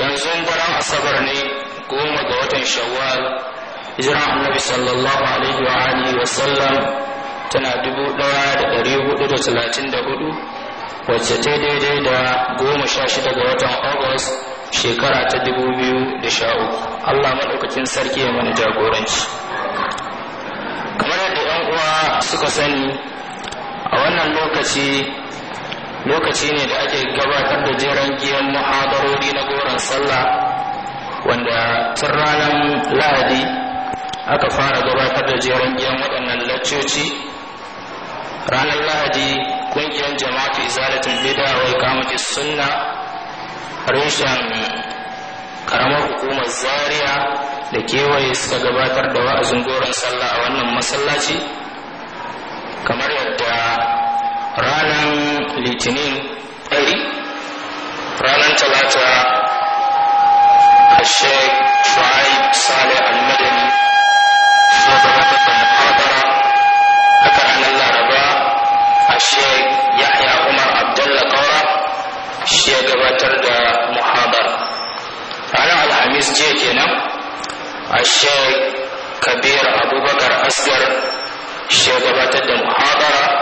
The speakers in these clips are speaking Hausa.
yanzu baran asabar ne goma ga watan shawwal hijiran annabi sallallahu alaihi wa alihi wa sallam tana dubu ɗaya da ɗari hudu da talatin da hudu wacce ta daidai da goma sha shida ga watan agus shekara ta dubu biyu da sha uku allah maɗaukakin sarki ya mana jagoranci kamar yadda yan uwa suka sani a wannan lokaci lokaci ne da ake gabatar da jeren giyan muhadarori na goron sallah wanda tun ranar lahadi aka fara gabatar da jeren giyan waɗannan laccoci ranar lahadi ƙungiyar jama'a izalatin bida wai kamata sunna reshen karamar hukumar zaria da kewaye suka gabatar da wa'azin goron sallah a wannan masallaci kamar yadda ranar litinin ɗari ranar talata a sheik shu'aib saleh al-madani ya gabatar da muhabara ranar laraba a yahya umar abdulla kaura shi gabatar da muhabara ranar alhamis jiya kenan a sheik kabir abubakar asgar shi gabatar da muhabara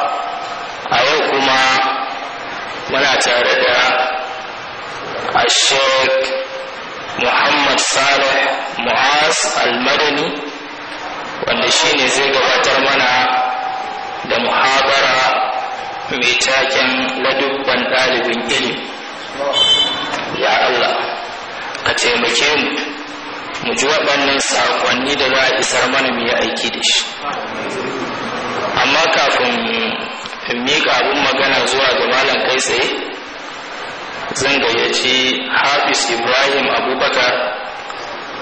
a yau kuma muna tare da ashek muhammad salih mu'az al-madani wanda ne zai gabatar mana da muhabara mai taken ladubban ɗalibin ilimi ya allah ka taimake mu mu ji waɗannan saƙonni da za a isar mana mu yi aiki da shi amma kafin in miƙa abin magana zuwa ga malam kai tsaye zan gayyaci hafiz ibrahim abubakar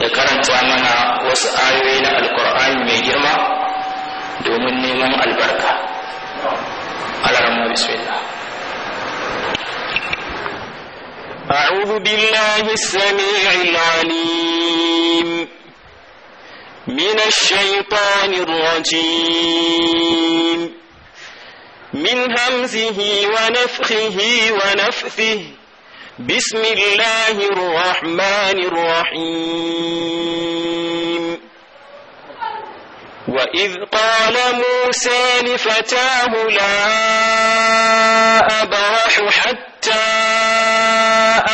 ya karanta mana wasu ayoyi na alkur'ani mai girma domin neman albarka أعوذ بالله السميع العليم من الشيطان الرجيم من همزه ونفخه ونفثه بسم الله الرحمن الرحيم وإذ قال موسى لفتاه لا أبرح حتى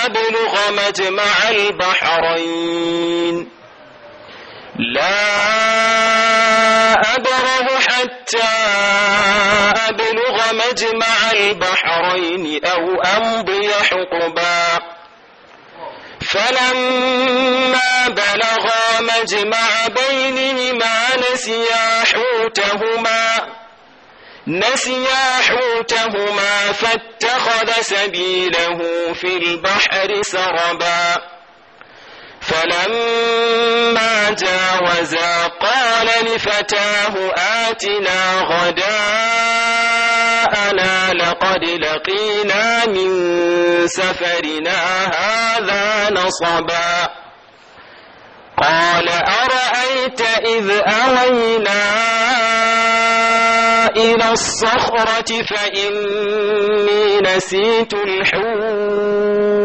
أبلغ مجمع البحرين لا أبره حتى أبلغ مجمع البحرين أو أمضي حقبا فلما بلغا مجمع بينهما نسيا حوتهما نسيا حوتهما فاتخذ سبيله في البحر سربا فلما جاوزا قال لفتاه آتنا غداءنا لقد لقينا من سفرنا هذا نصبا قال أرأيت إذ أوينا إلى الصخرة فإني نسيت الحوت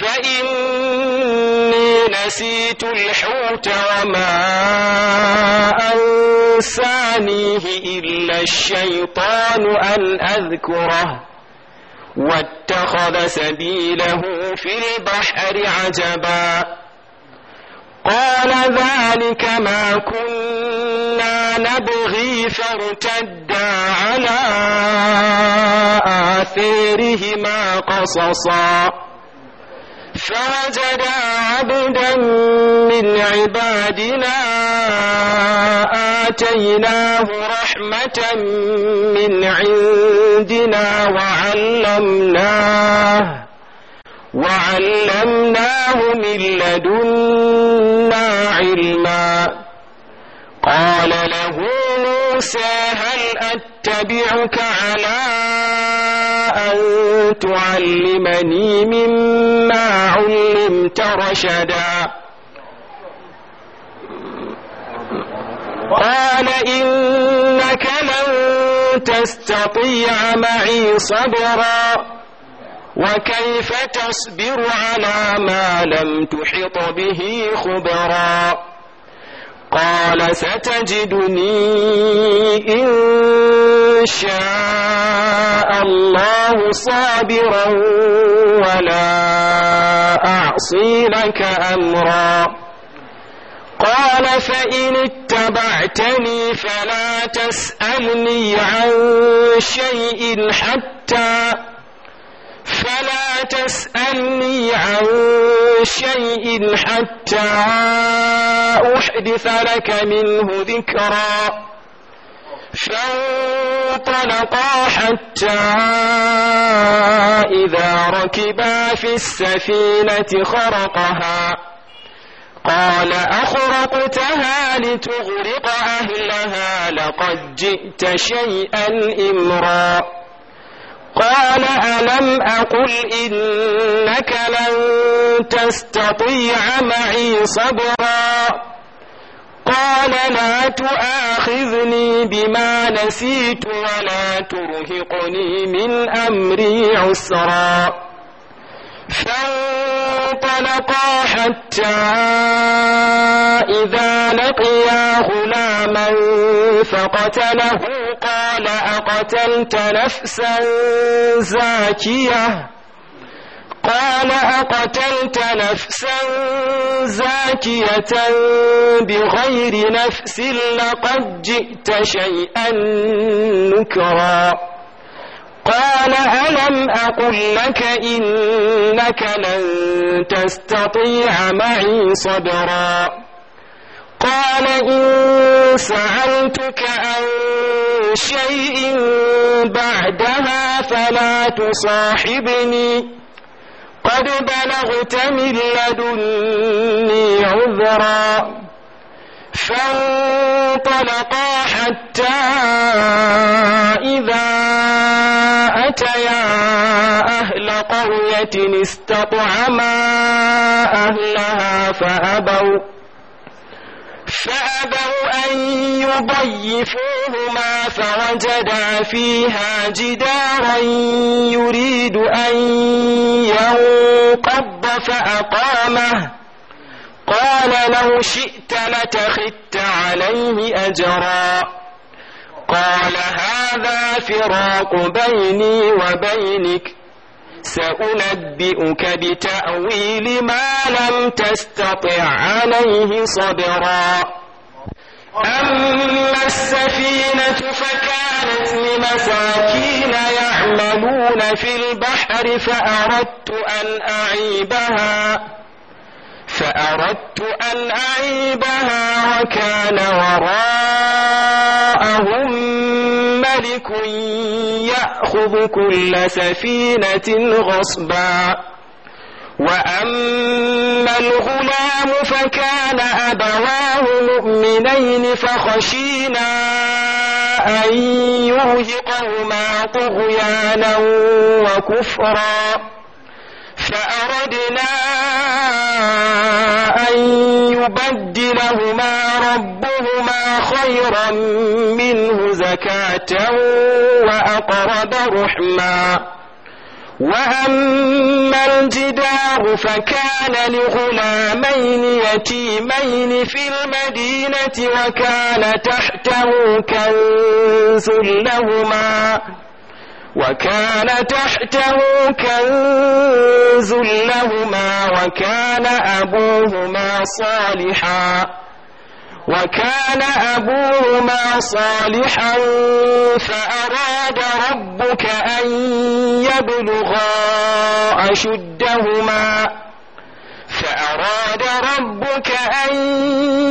فإني نسيت الحوت وما أنسانيه إلا الشيطان أن أذكره واتخذ سبيله في البحر عجبا قال ذلك ما كنا نبغي فارتدا على آثيرهما قصصا فوجد عبدا من عبادنا آتيناه رحمة من عندنا وعلمناه وعلمناه من لدنا علما قال له موسى هل أتبعك على تعلمني مما علمت رشدا قال إنك لن تستطيع معي صبرا وكيف تصبر على ما لم تحط به خبرا قال ستجدني إن شاء الله صابرا ولا أعصي لك أمرا قال فإن اتبعتني فلا تسألني عن شيء حتى فلا تسألني عن شيء حتى أحدث لك منه ذكرا فانطلقا حتى إذا ركبا في السفينة خرقها قال أخرقتها لتغرق أهلها لقد جئت شيئا إمرا قال ألم أقل إنك لن تستطيع معي صبرا قال لا تؤاخذني بما نسيت ولا ترهقني من أمري عسرا فانطلقا حتى إذا لقيا غلاما فقتله قال أقتلت نفسا زاكية قال أقتلت نفسا زاكية بغير نفس لقد جئت شيئا نكرا قال ألم أقل لك إنك لن تستطيع معي صبرا قال إن سألتك عن شيء بعدها فلا تصاحبني قد بلغت من لدني عذرا فانطلقا حتى إذا أتيا أهل قرية استطعما أهلها فأبوا فأبوا أن يضيفوهما فوجدا فيها جدارا يريد أن ينقض فأقامه قال لو شئت لتخت عليه أجرا قال هذا فراق بيني وبينك سأنبئك بتأويل ما لم تستطع عليه صبرا أما السفينة فكانت لمساكين يعملون في البحر فأردت أن أعيبها فأردت أن أعيبها وكان وراءهم ملك يأخذ كل سفينة غصباً وأما الغلام فكان أبواه مؤمنين فخشينا أن يرهقهما طغيانا وكفرا فأردنا أن يبدلهما ربهما خيرا منه زكاة وأقرب رحمًا وأما الجدار فكان لغلامين يتيمين في المدينة وكان تحته كنز لهما وكان تحته كنز لهما وكان أبوهما صالحاً وكان أبوهما صالحا فأراد ربك أن يبلغا أشدهما فأراد ربك أن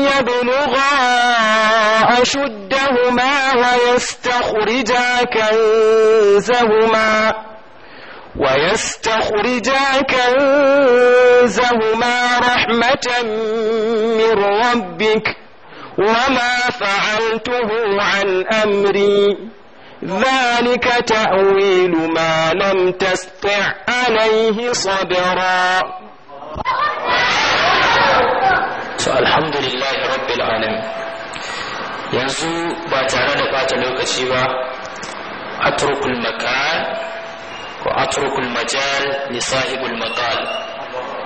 يبلغا أشدهما ويستخرجا كنزهما ويستخرجا كنزهما رحمة من ربك ۖ وما فعلته عن أمري ذلك تأويل ما لم تستع عليه صبرا الحمد لله رب العالمين yanzu ba tare da bata lokaci ba atrukul makan ko atrukul majal li sahibul maqal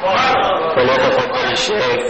wa tafaddalu shaykh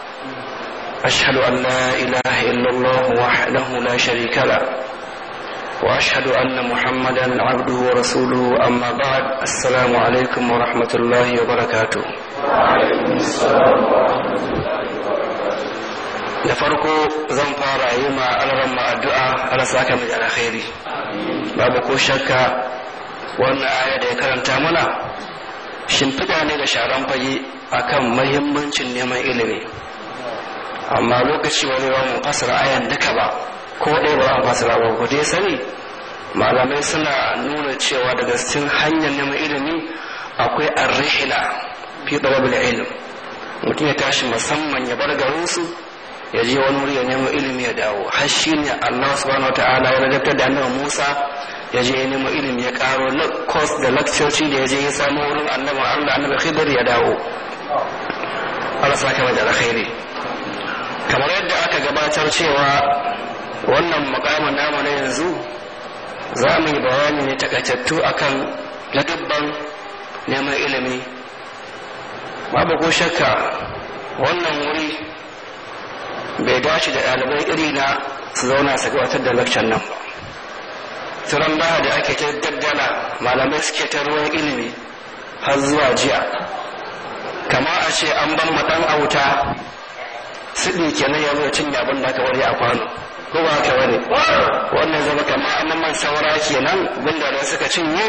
أشهد أن لا إله إلا الله وحده لا شريك له وأشهد أن محمدا عبده ورسوله أما بعد السلام عليكم ورحمة الله وبركاته da farko zan fara yi ma alaran addu'a ala saka mai alkhairi babu ko shakka wannan aya da ya karanta mana shimfiɗa ne da sharan fage akan mahimmancin neman ilimi amma lokaci wani ba mu fasara ayan duka ba ko ɗaya ba mu fasara ba ku dai sani malamai suna nuna cewa daga cikin hanyar neman ilimi akwai arrihila fi ɗalabil ilm mutum ya tashi musamman ya bar garinsu ya je wani wuri ya nemo ilimi ya dawo har shi ne Allah subhanahu wa ta'ala wani daftar da annabi Musa ya je ya nemo ilimi ya karo na course da lakcoci da ya je ya samu wurin annabi Allah annabi Khidir ya dawo Allah saka wa da alkhairi kamar yadda aka gabatar cewa wannan mukamin namu na yanzu za mu yi bayani ne takaitattu akan ladabban neman ilimi babu ko shakka wannan wuri bai dace da ɗalibai iri na su zauna su gabatar da lakcan nan ba turan baha da ake ta daddala malamai suke ta ruwan ilimi har zuwa jiya kama a ce an ban matan auta Sidi kenan ya zo cinye abin da aka wari a kwano ko ba haka wani wannan zama kamar annan man saura kenan da suka cinye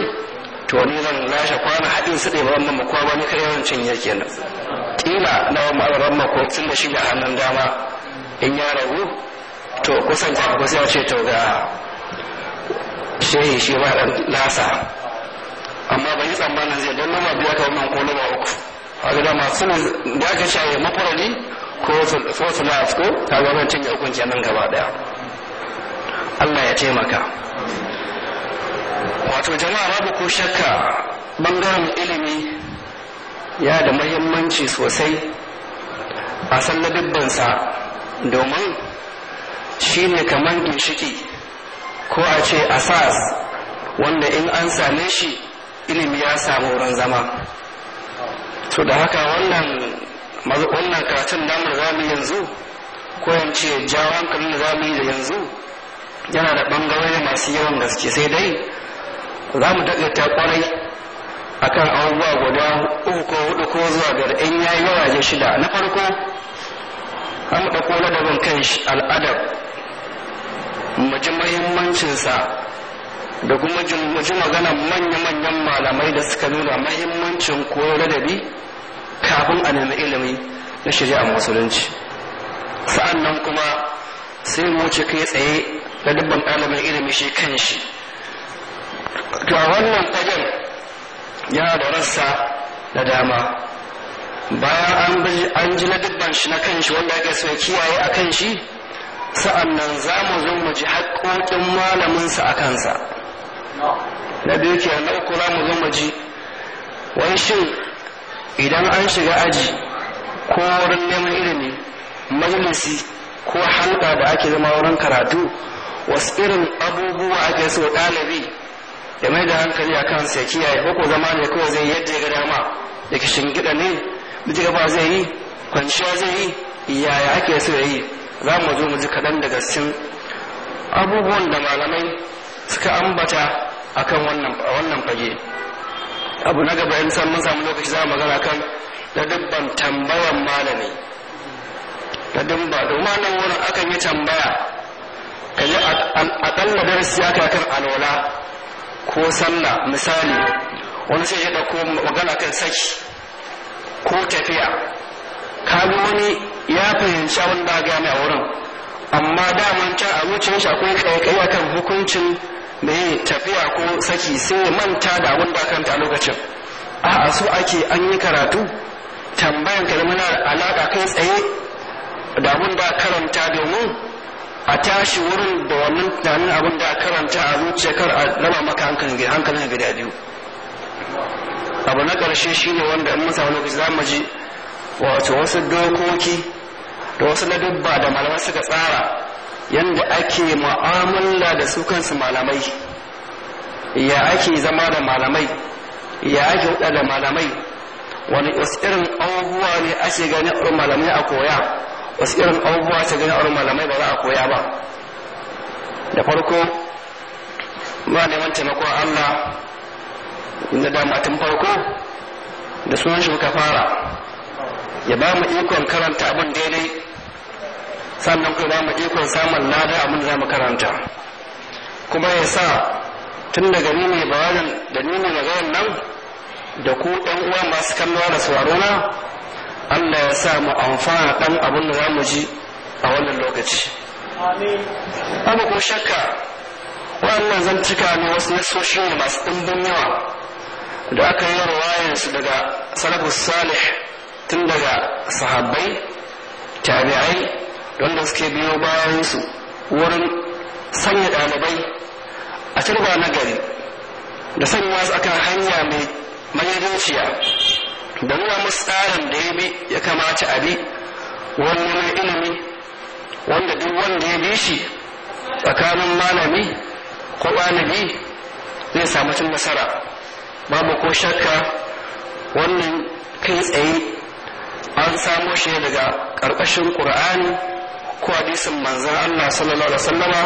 to ni zan lashe kwana haɗin su ba wannan makwa ba ni kai yawan cinye kenan kila na wani ma'abaran mako tun da shi da hannun dama in ya ragu to kusan ta kusa ya ce to ga shehi shi ba ɗan lasa. amma ban yi tsammanin zai don nama biya ka wannan ko nama uku a ga masu suna da aka shaye mafarani ko fourth life ko ta wannan cinye nan gaba daya Allah ya taimaka wato jama'a babu ko shakka bangaren ilimi ya da mahimmanci sosai a san ladubbansa domin shi ne kamar ginshiki ko a ce asas wanda in an same shi ilimi ya samu wurin zama to da haka wannan wannan karatun namu da zamu yanzu ko yance jawon kan da zamu yi da yanzu yana da bangarori masu yawan gaske sai dai za mu daɗe ta kwarai akan abubuwa guda uku ko hudu ko zuwa ga in yi waje shida na farko an ɗauko ladabin kan al'adab mu ji muhimmancinsa da kuma ji magana manya-manyan malamai da suka nuna mahimmancin koyo ladabi kafin a nemi ilimi na shari'a musulunci sa'annan kuma sai mu wuce kai tsaye na dubban ɗalibin ilimi shi kan shi to a wannan fagen ya da rassa da dama bayan an ji na dubban shi na kan shi wanda ake so ya kiyaye a kan shi sa'annan za mu zo mu ji haƙoƙin malaminsa a kansa na biyu ke na uku za mu zo mu ji wani shin idan an shiga aji ko wurin neman ilimi majalisi ko halka da ake zama wurin karatu wasu irin abubuwa ake so ɗalibi ya mai da hankali a kan ya kiyaye ko ko zama ne kawai zai yadda ga dama da kishin gida ne mutu gaba zai yi kwanciya zai yi yaya ake so ya yi za mu zo mu ji kaɗan daga cikin abubuwan da malamai suka ambata akan wannan fage. abu na gaba in san mun samu lokaci za mu magana kan da dubban tambayan malami da dubba domin nan wurin akan yi tambaya ka yi aƙalla darasi aka kan alwala ko sallah misali wani sai ya ɗauko magana kan saki ko tafiya kaga wani ya fahimci abin da ne a wurin amma daman can a shi akwai kai akan hukuncin da tafiya ko saki sai ya manta da abin da kanta a lokacin a'a su ake an yi karatu tambayan ka muna alaka kai tsaye da abin da karanta domin a tashi wurin da wannan tunanin abin da karanta a zuciya kar a lama maka hankalin gida biyu abu na ƙarshe shine wanda in mun samu lokaci za mu ji wato wasu dokoki da wasu ladubba da malamai suka tsara yanda ake mu'amala da su kansu malamai ya ake zama da malamai ya ake huɗa da malamai wani wasu irin abubuwa ne ake gani a malamai a koya wasu irin abubuwa ce gani a malamai ba za a koya ba da farko ba neman taimakon allah da damatin farko da sunan shi muka fara ya ba mu ikon karanta abin daidai sannan kuma mu ikon samun lada abin da mu karanta kuma ya sa tun daga ni ne bayanin da ni mai maganin nan da ku ɗan uwa masu kallon da sauraro na Allah ya sa mu amfana ɗan abin da za mu ji a wannan lokaci. Amin. ko shakka wannan zan cika ne wasu nasoshi ne masu ɗimbin yawa da aka yi rawayan su daga salafus salih tun daga sahabbai tabi'ai wanda suke biyo bayansu wurin sanya ɗalibai a turba na gari da sanya su akan hanya mai mayarinciya da nuna musu tsarin da ya bi ya kamata a bi wani mai ilimi wanda duk wanda ya bi shi tsakanin malami ko ɗalibi zai samu cin nasara babu ko shakka wannan kai tsaye an samo shi daga ƙarƙashin ƙur'ani ko hadisin manzan Allah sallallahu alaihi wasallama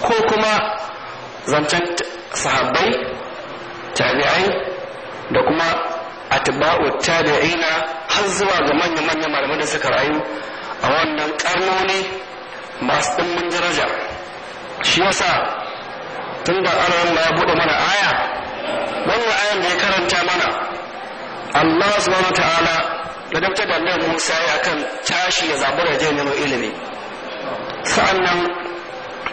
ko kuma zancen sahabbai tabi'ai da kuma atba'u tabi'ina har zuwa ga manya-manyan malamai da suka rayu a wannan karnoni masu ɗimbin daraja shi yasa tun da aron ya buɗe mana aya wannan ayan da ya karanta mana Allah subhanahu ta'ala da dabtar da Musa ya kan tashi ya zaɓi da je ilimi sa'annan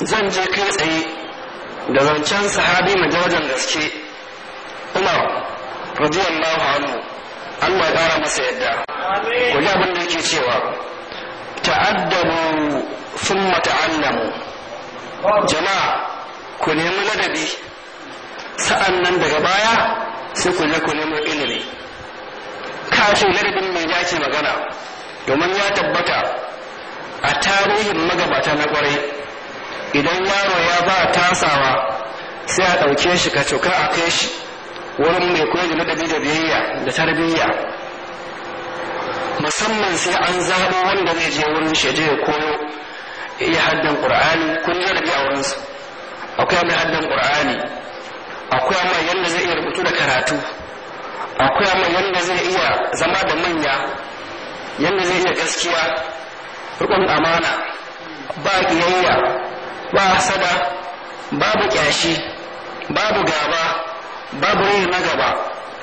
zan je kai tsaye da zancen sahabi majalajan gaske umar radiyallahu anhu Allah ya ƙara masa yadda ku abin da yake cewa ta'addabu sun mata’annamu jama'a ku nemi ladabi sa'an nan daga baya sai ku ku nemi ilimi ce ladabin mai yake magana domin ya tabbata a tarihin magabata na kwarai idan yaro ya ba tasawa sai a ɗauke shi ka cuka a kai shi wurin mai koyar da ladabi da biyayya da tarbiyya musamman sai an zaɓo wanda zai je wurin shi je ya koyo iya haddan ƙur'ani kun yi rabi a wurinsa akwai mai haddan ƙur'ani akwai mai yadda zai iya rubutu da karatu akwai mai yadda zai iya zama da manya yadda zai iya gaskiya rikon amana ba kiyayya ba hasada babu ƙyashi babu gaba babu rai na gaba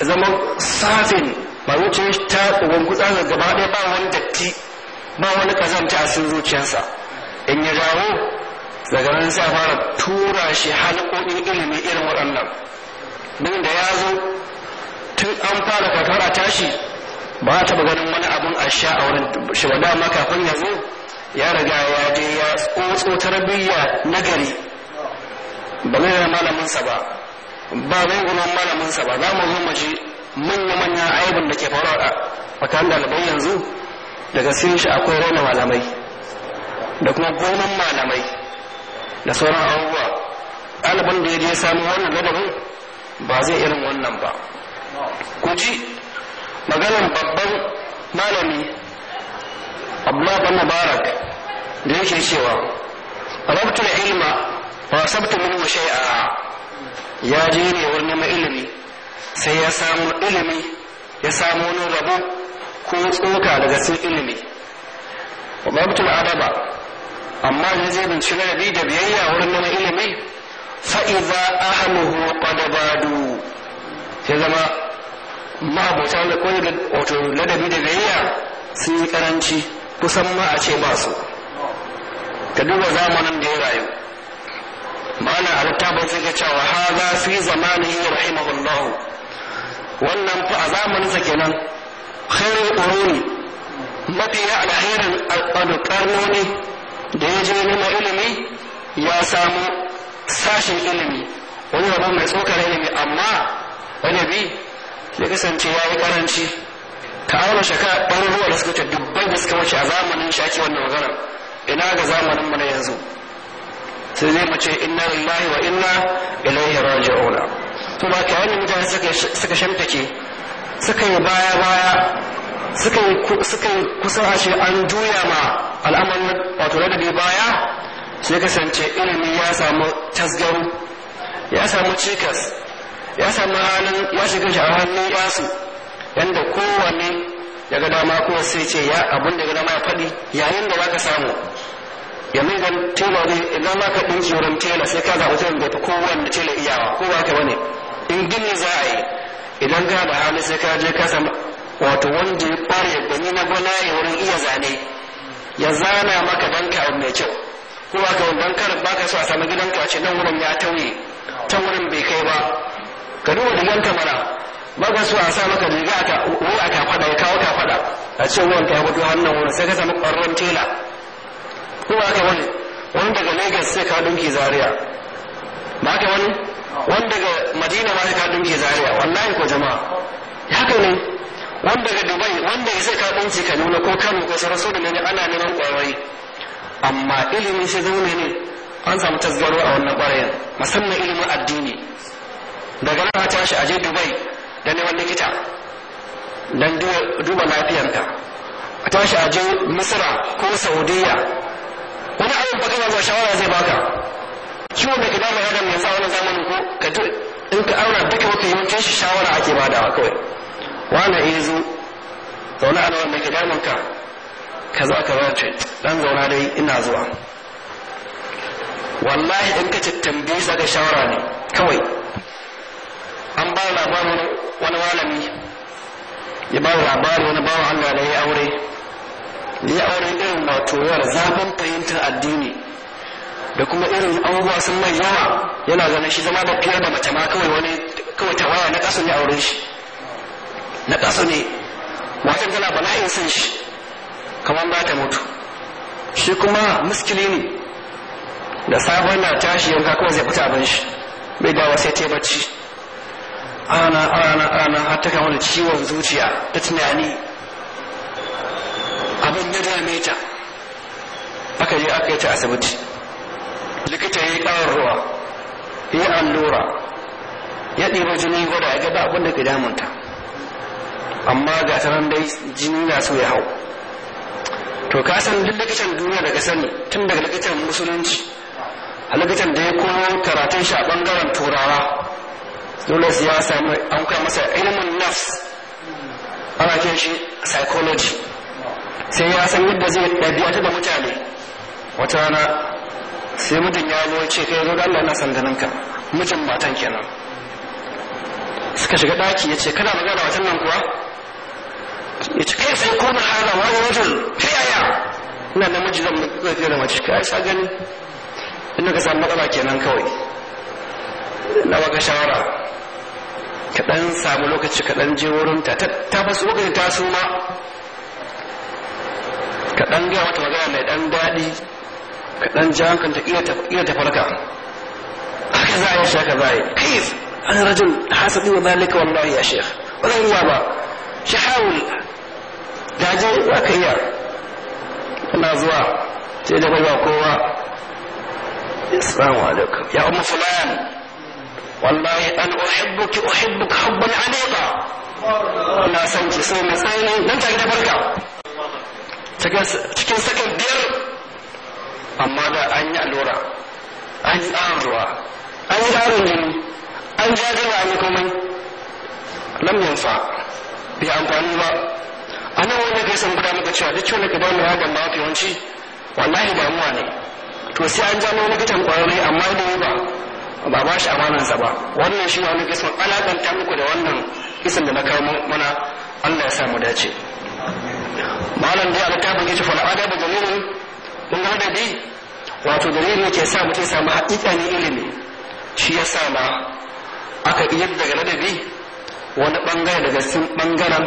zama safin ba wuce ta gungutsa ga gaba ɗaya ba wani datti ba wani kazanta a cikin zuciyarsa in ya dawo daga nan sai fara tura shi halƙoƙin ilimi irin waɗannan duk da ya zo tun an fara kakara tashi ba ta ba ganin wani abun a sha a wurin shi ba dama kafin ya zo ya riga ya je ya tsotso tarbiyya na gari ba mai da malaminsa ba ba mai gunan malaminsa ba za mu zo mu ji manya-manyan aibin da ke faruwa a fatan dalibai yanzu daga sun shi akwai raina malamai da kuma gonan malamai da sauran abubuwa ɗaliban da ya je sami wannan ladabin ba zai irin wannan ba ku ji maganan babban malami abdullah bin mubarak da yake cewa rabtul ilma wa sabtu minhu shay'a ya je ne wurin neman ilimi sai ya samu ilimi ya samu wani rabo ko tsoka daga sun ilimi wa rabtul adaba amma da zai bincika rabi da biyayya wurin neman ilimi fa'iza ahluhu qad badu sai zama ma'abota da koyi da wato ladabi da biyayya sun yi karanci kusan ma a ce ba su ka duba zamanin da ya rayu ma'ana a littafin suke cewa ha za yi zamanin yi rahimahullahu wannan fa a zamanin sa kenan khairul quruni mafiya alherin alƙarnoni da ya je nema ilimi ya samu sashen ilimi wani wani mai tsokar ilimi amma wani bi ya kasance ya yi karanci ka auna ɗan ruwa da suka dubbai da suka wuce a zamanin shaki wannan magana ina ga zamanin mu na yanzu sai zai mace inna lillahi wa inna ilaihi raji'una to ba ka yana mutane suka ke suka yi baya baya suka yi kusan ashe an juya ma al'amarin wato ladabi baya sai kasance ilimi ya samu tasgaru ya samu cikas ya samu halin ya shiga shi a hannun yasu Yadda kowane ya ga dama ko sai ce ya abin da ga dama ya faɗi yayin da ka samu yanzu idan tela ne idan ma ka ɗinki wurin tela sai ka zaɓi tela da kowane tela iyawa ko ba ka bane in gini za a yi idan ka da hali sai ka je ka samu wato wanda ya ƙware gani na gona ya wurin iya zane ya zana maka ka abu mai kyau ko ba ka wanda kar ba ka so a samu gidanka a ce nan wurin ya tauye ta wurin bai kai ba ka duba digan kamara ba ka so a sa maka riga a wani a kafada ya kawo ta kafada a ce ruwan ta gudu hannun wani sai ka samu ƙwararren tela ko ba ka wani wani daga lagos sai ka dunki zaria ba ka wani wani daga madina ba sai ka dunki zaria wallahi ko jama'a haka ne wani daga dubai wanda ya sai ka dunki kaduna ko kano ko sarasu da ne ana neman ƙwararri amma ilimin shi zaune ne an samu tasgaro a wannan ɓarayin musamman ilimin addini daga nan ta shi aje dubai da neman likita don duba lafiyanta a tashi aje misira ko saudiya wani abin baka zuwa shawara zai baka ciwon da idan mai adam yanzu a wani zamanin ko ka in ka aura duka mafi yawancin shi shawara ake badawa kawai wani iya eh zo zaune a nan ke damun ka ka za ka zace dan zauna dai ina zuwa wallahi in ka tattambe za ka shawara ne kawai an ba labarin wani malami ya ba labarin wani bawa Allah da ya aure da ya aure irin wato yawar zaben fahimtar addini da kuma irin abubuwa sun mai yawa yana ganin shi zama da fiye da mace ma kawai wani kawai tawaya na ƙasa ne aure shi na ƙasa ne wata tana bala'in sun shi kamar ba ta mutu shi kuma muskili ne da sabon na tashi yanka kuma zai fita abin shi bai dawo sai ta yi bacci ana ana ana har ta kama da ciwon zuciya ta tunani abin ya dame ta aka yi aka yi ta asibiti likita ya yi ɗawar ruwa ya allura ya ɗiba jini gwada ya gaba abin da ke damunta amma ga sanar dai jini na so ya hau to ka san duk likitan duniya daga sani tun daga likitan musulunci a likitan da ya koyo karatun shi a ɓangaren turawa dole ya samu an kai masa ilimin nafs ana kiran shi psychology sai ya san yadda zai ɗabi'ata da mutane wata rana sai mutum ya zo ce kai zo Allah na sandanin ka mutum matan kenan suka shiga daki ya ce kana magana watan nan kuwa ya ce kai sai kuma hana wani wajen ta yaya ina namiji zan mafi da mace kai sa gani ina ka samu matsala kenan kawai na baka shawara ka ɗan samu lokaci ka ɗan je wurin ta ta basu lokacin ta su ma ka ɗan gaya wata magana mai ɗan daɗi ka ɗan ji hankanta iya ta farka haka za a yi shaka za a yi kaif an rajin hasabi wa zalika wallahi ya shekh ba yi iya ba shi hawul je ba ka iya ina zuwa sai da bai ba kowa assalamu alaikum ya umma fulani والله أن أحبك أحبك حبا aliqa ina سنتي سنة so na tsani nan take da barka cikin sakan biyar amma da an yi allura an yi tsarin ruwa an yi tsarin jini an jajira an yi komai lam yanfa bai amfani ba a nan wani guda muka cewa duk wani da ya to sai an ja na wani gidan kwararre amma da ba ba ba shi amanansa ba wannan shi wani kisan alaƙanta muku da wannan kisan da na kawo mana Allah ya sa mu dace malam dai a ban yake fa al'ada da dalilin mun ga da bi wato dalilin ke sa mutum samu haƙiƙanin ilimi shi ya sa ma aka iya daga ladabi wani bangare daga cikin bangaren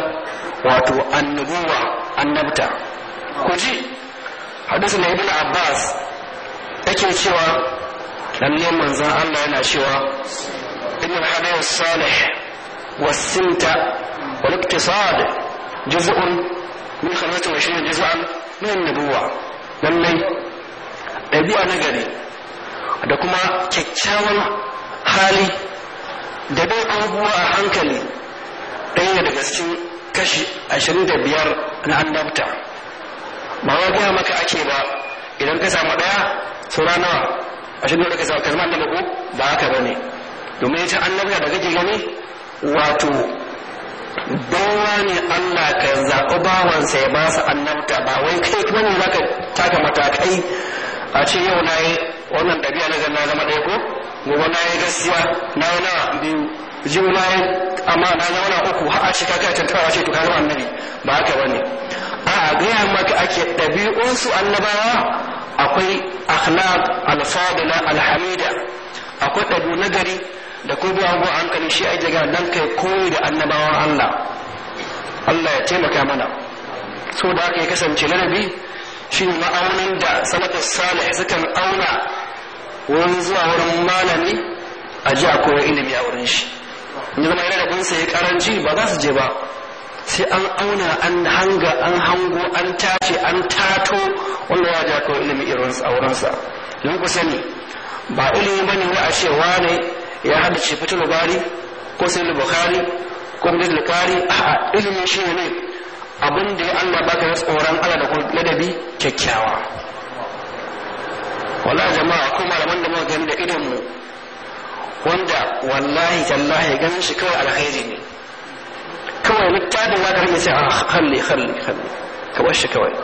wato annubuwa annabta ku ji na ibn abbas yake cewa lalle manzan Allah yana cewa innal hadith salih sinta wal iktisad juz'un min 25 juz'an min an-nubuwa lalle dabi'a na da kuma kyakkyawan hali da bin abubuwa a hankali ɗaya daga cikin kashi ashirin da biyar na annabta ba wa gaya maka ake ba idan ka samu ɗaya saura nawa ashe shi da ka sa kalmar da mako ba haka bane domin ita annabta da kake gani wato don ne Allah ka zaɓi bawansa ya ba su annabta ba wai kai kuma ne za ka taka matakai a ce yau na yi wannan ɗabi'a na na zama ɗaya ko gobe na yi gaskiya na yi nawa biyu jiwu na yi amma na zama na uku a ce kaka tantawa ce to ka zama annabi ba haka bane ne a gaya maka ake ɗabi'unsu annabawa akwai akhlaq al alhamida akwai ɗabu nagari da ko biya abubuwa hankali shi ai daga dan kai koyi da annabawan Allah Allah ya taimaka mana so da aka kasance larabi shi ma'aunin da salafin salih sukan auna wurin zuwa wurin malami a ji a koyar ilimi a wurin shi in zama yana da kun ya karanci ba za su je ba sai an auna an hanga an hango an tace an tato wanda ya ja kawai ilimi irin aurensa don ku sani ba ilimi ba ne wa a ce wane ya haddace fitul bari ko sai bukari ko mudal a ilimi shi ne abin da ya Allah baka tsoron ala da kuma ladabi kyakkyawa wala jama'a ko malaman da muka gani da idonmu wanda wallahi tallahi ganin shi kawai alkhairi ne kawai littafin za ka rage sai a ah, halli halli halli ka bar shi kawai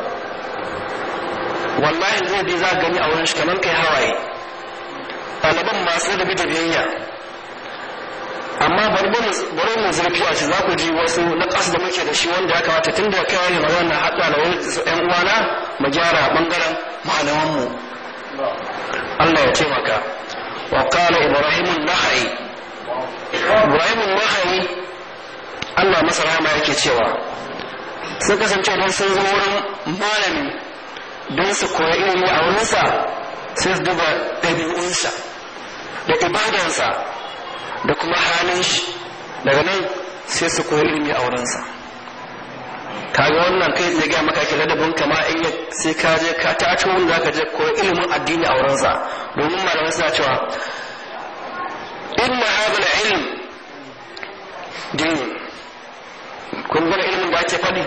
wallahi zai bi za a gani a wurin shi kamar kai hawaye ɗaliban masu da bi da biyayya amma bari mu zurfi a ci za ku ji wasu na ƙasa da muke da shi wanda ya kamata tun da ya kai magana na haɗa da wani ‘yan uwana mu gyara ɓangaren malamanmu Allah ya taimaka wa ƙala Ibrahim Nahai Ibrahim Nahai Allah masa rama yake cewa sun kasance don sun zo wurin malami don su koya ilimi a wurinsa sun duba ɗabi'unsa da ibadansa da kuma halin shi daga nan sai su koya ilimi a wurinsa kaga wannan kai zai gaya maka ke ladabin kama in ya sai ka je ka tace za ka je koya ilimin addini a wurinsa domin malamai suna cewa inna hadha ilm din kun gane ilimin da ake faɗi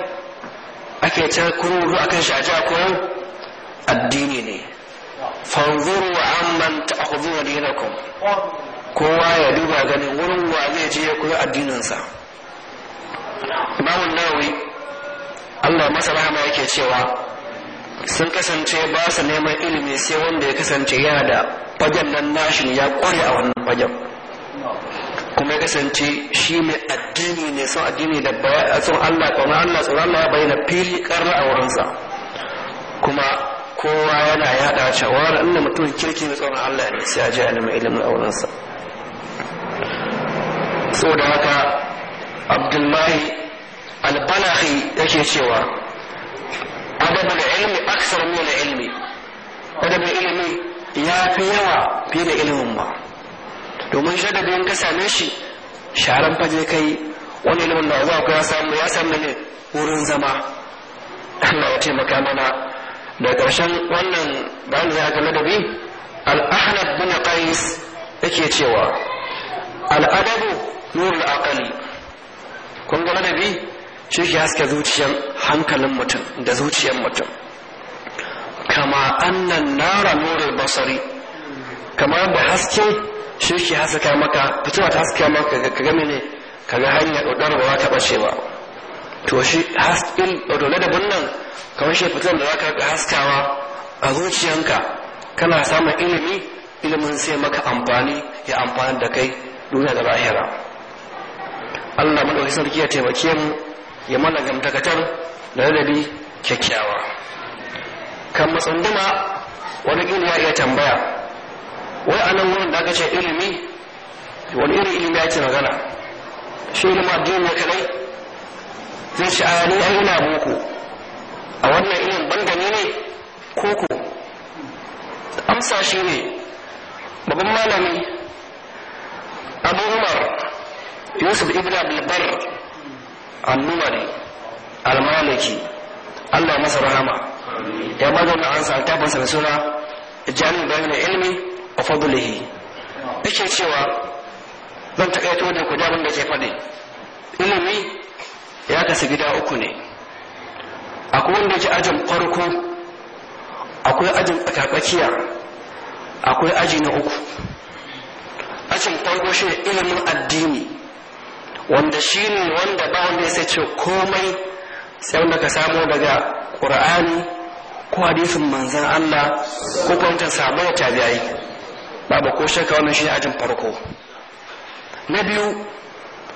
ake ta kururu akan shi a ji a addini ne fanzuru amman ta'khudhuna dinakum kowa ya duba ganin wurin wa zai je ya koyi addininsa imamun nawawi Allah masa rahama yake cewa sun kasance ba su neman ilimi sai wanda ya kasance yana da fagen nan nashin ya kware a wannan fagen kuma ya kasance shi mai addini ne son addini da son Allah kuma Allah tsoron Allah ya bayyana fili karra a wurinsa kuma kowa yana yada shawara inda mutum kirki mai tsoron Allah ne sai a ji ilimin ilimin a wurinsa da haka abdullahi albalahi yake cewa adabul ilmi aksar mila ilmi adabin ilmi ya fi yawa fiye da ilimin ba domin shaddadin ka same shi sharan faje kai wani ilimin da za ku ya samu ya samu ne wurin zama Allah ya taimaka mana da ƙarshen wannan bayan za ga ladabi al-ahnab bin qais yake cewa al-adabu nurul aqli kun ga ladabi shi ke haske zuciyar hankalin mutum da zuciyar mutum kama annan nara nurul basari kamar da haske shi ke haskaka maka fitowa ta haskaka maka ka gami ne ka ga hanyar ɗaɗɗarwa ta ɓacewa to shi haskin ɗaɗɗole da bunnan kamar shi fitar da za ka haskawa a zuciyanka kana samun ilimi ilimin sai maka amfani ya amfani da kai duniya da lahira Allah madaukakin sarki ya taimake mu ya mana gamtakatar da ladabi kyakkyawa kan matsunduma wani gini ya iya tambaya wai a nan wurin da aka ce ilimi wani irin ilimi ake magana shi ilimin addini ne kadai zai ci a ni ina boko a wannan irin bangane ne koko amsa shi ne babban malami abu umar yusuf ibn abdulbar al-numari al-maliki allah masa rahama ya magana an sa tabbasa da suna jami'in bayan ilimi. wa fadlihi yake cewa zan takaito da ku da ke faɗi ilimi ya kasu gida uku ne akwai wanda ke ajin farko akwai ajin tsakatsakiya akwai aji na uku ajin farko shi ilimin addini wanda shi ne wanda ba wanda ya sai ce komai sai wanda ka samo daga ƙur'ani ko hadisin manzan Allah ko kwantar sabon tabi'ai babu ko shaka wannan shi ajin farko na biyu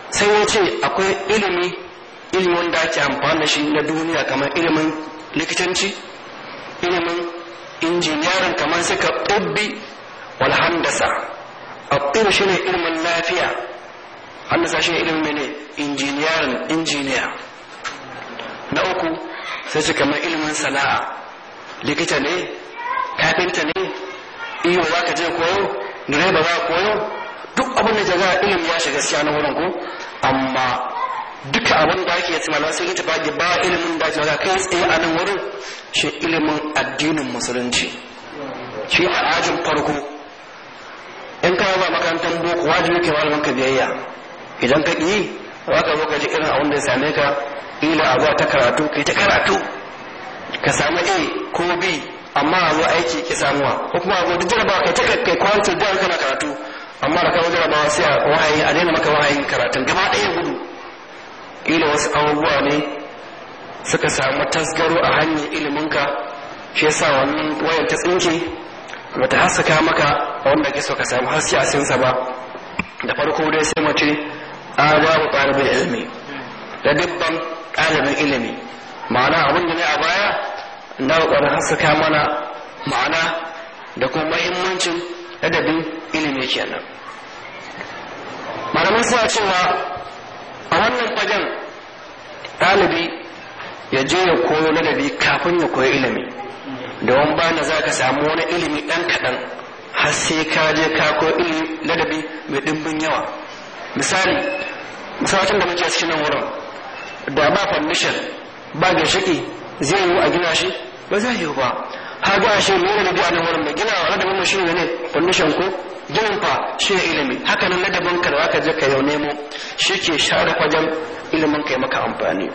sai ya ce akwai ilimi ilimin da ake amfani da shi na duniya kamar ilimin likitanci ilimin injiniyarin kamar suka ɗubbi wal handasa a shi ne ilimin lafiya handasa shi ne ilimin mene injiniyarin injiniya na uku sai su kamar ilimin sana'a likita ne kafinta ne iyo za ka je koyo direba za koyo duk abin da jama'a ilimi ya shiga siya na wurin ku amma duka abin da ake yi malamai sun yi ba ilimin da ake kai tsaye a nan wurin shi ilimin addinin musulunci shi a ajin farko in ka ba makarantar boko wajibi ke malamin ka biyayya idan ka yi za ka zo ka ji irin abin da ya same ka ila a ta karatu kai ta karatu ka samu a ko b amma a zo aiki ki samuwa ko kuma a zo duk jarabawa kai ta kai kwantar da kana karatu amma da kawo jarabawa sai a wahayi a daina maka wahayin karatun gaba ɗaya gudu kila wasu abubuwa ne suka samu tasgaro a hanyar iliminka shi yasa wannan wayar ta tsinke bata haskaka maka wanda ke so ka samu haske a sinsa ba da farko dai sai mace a babu ɗalibin ilimi da dubban ɗalibin ilimi ma'ana abin da ne a baya na ƙoƙarin haskaka mana ma'ana da kuma mahimmancin ladabi ilimi kenan malaman suna cewa a wannan fagen ɗalibi ya je ya koyo ladabi kafin ya koyi ilimi domin ba na za ka samu wani ilimi ɗan kaɗan har sai ka je ka koyi ilimi ladabi mai ɗimbin yawa misali misalatin da muke cikin wurin da ba permission ba ginshiki zai yiwu a gina shi ba za yi ba har ga shi ne da a nan wurin gina wa da mun shi ne condition ko ginin fa shi ne ilimi haka nan ladabin ka da aka je ka yau nemo shi ke share kwajan ilimin kai maka amfani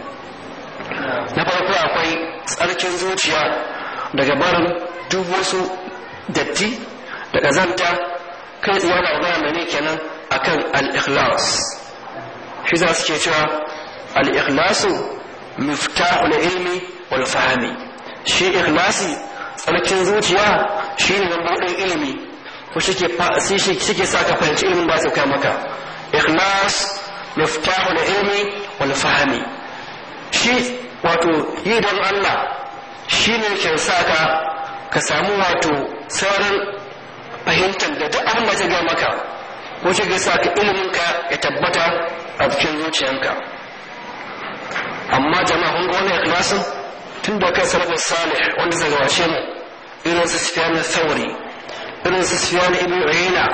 na farko akwai tsarkin zuciya daga barin duk wasu datti da kazanta kai tsaye na ne kenan akan al-ikhlas shi za su ke cewa al-ikhlasu miftahul ilmi wal fahmi shi ikhlasi tsarkin zuciya shi ne mabuɗin ilimi ko shi ke sa ka fahimci ilimin ba su kai maka ikhlas miftahu da ilimi wal fahami shi wato yi don Allah shi ne ke sa ka ka samu wato sauran fahimtar da duk abin da ta ga maka ko shi ke sa ka ilimin ya tabbata a cikin zuciyanka amma jama'a kun ga wannan ikhlasin tun da kan salafin salih wanda suka gabace mu irin su sufyan sauri irin su sufyan ibn uyayna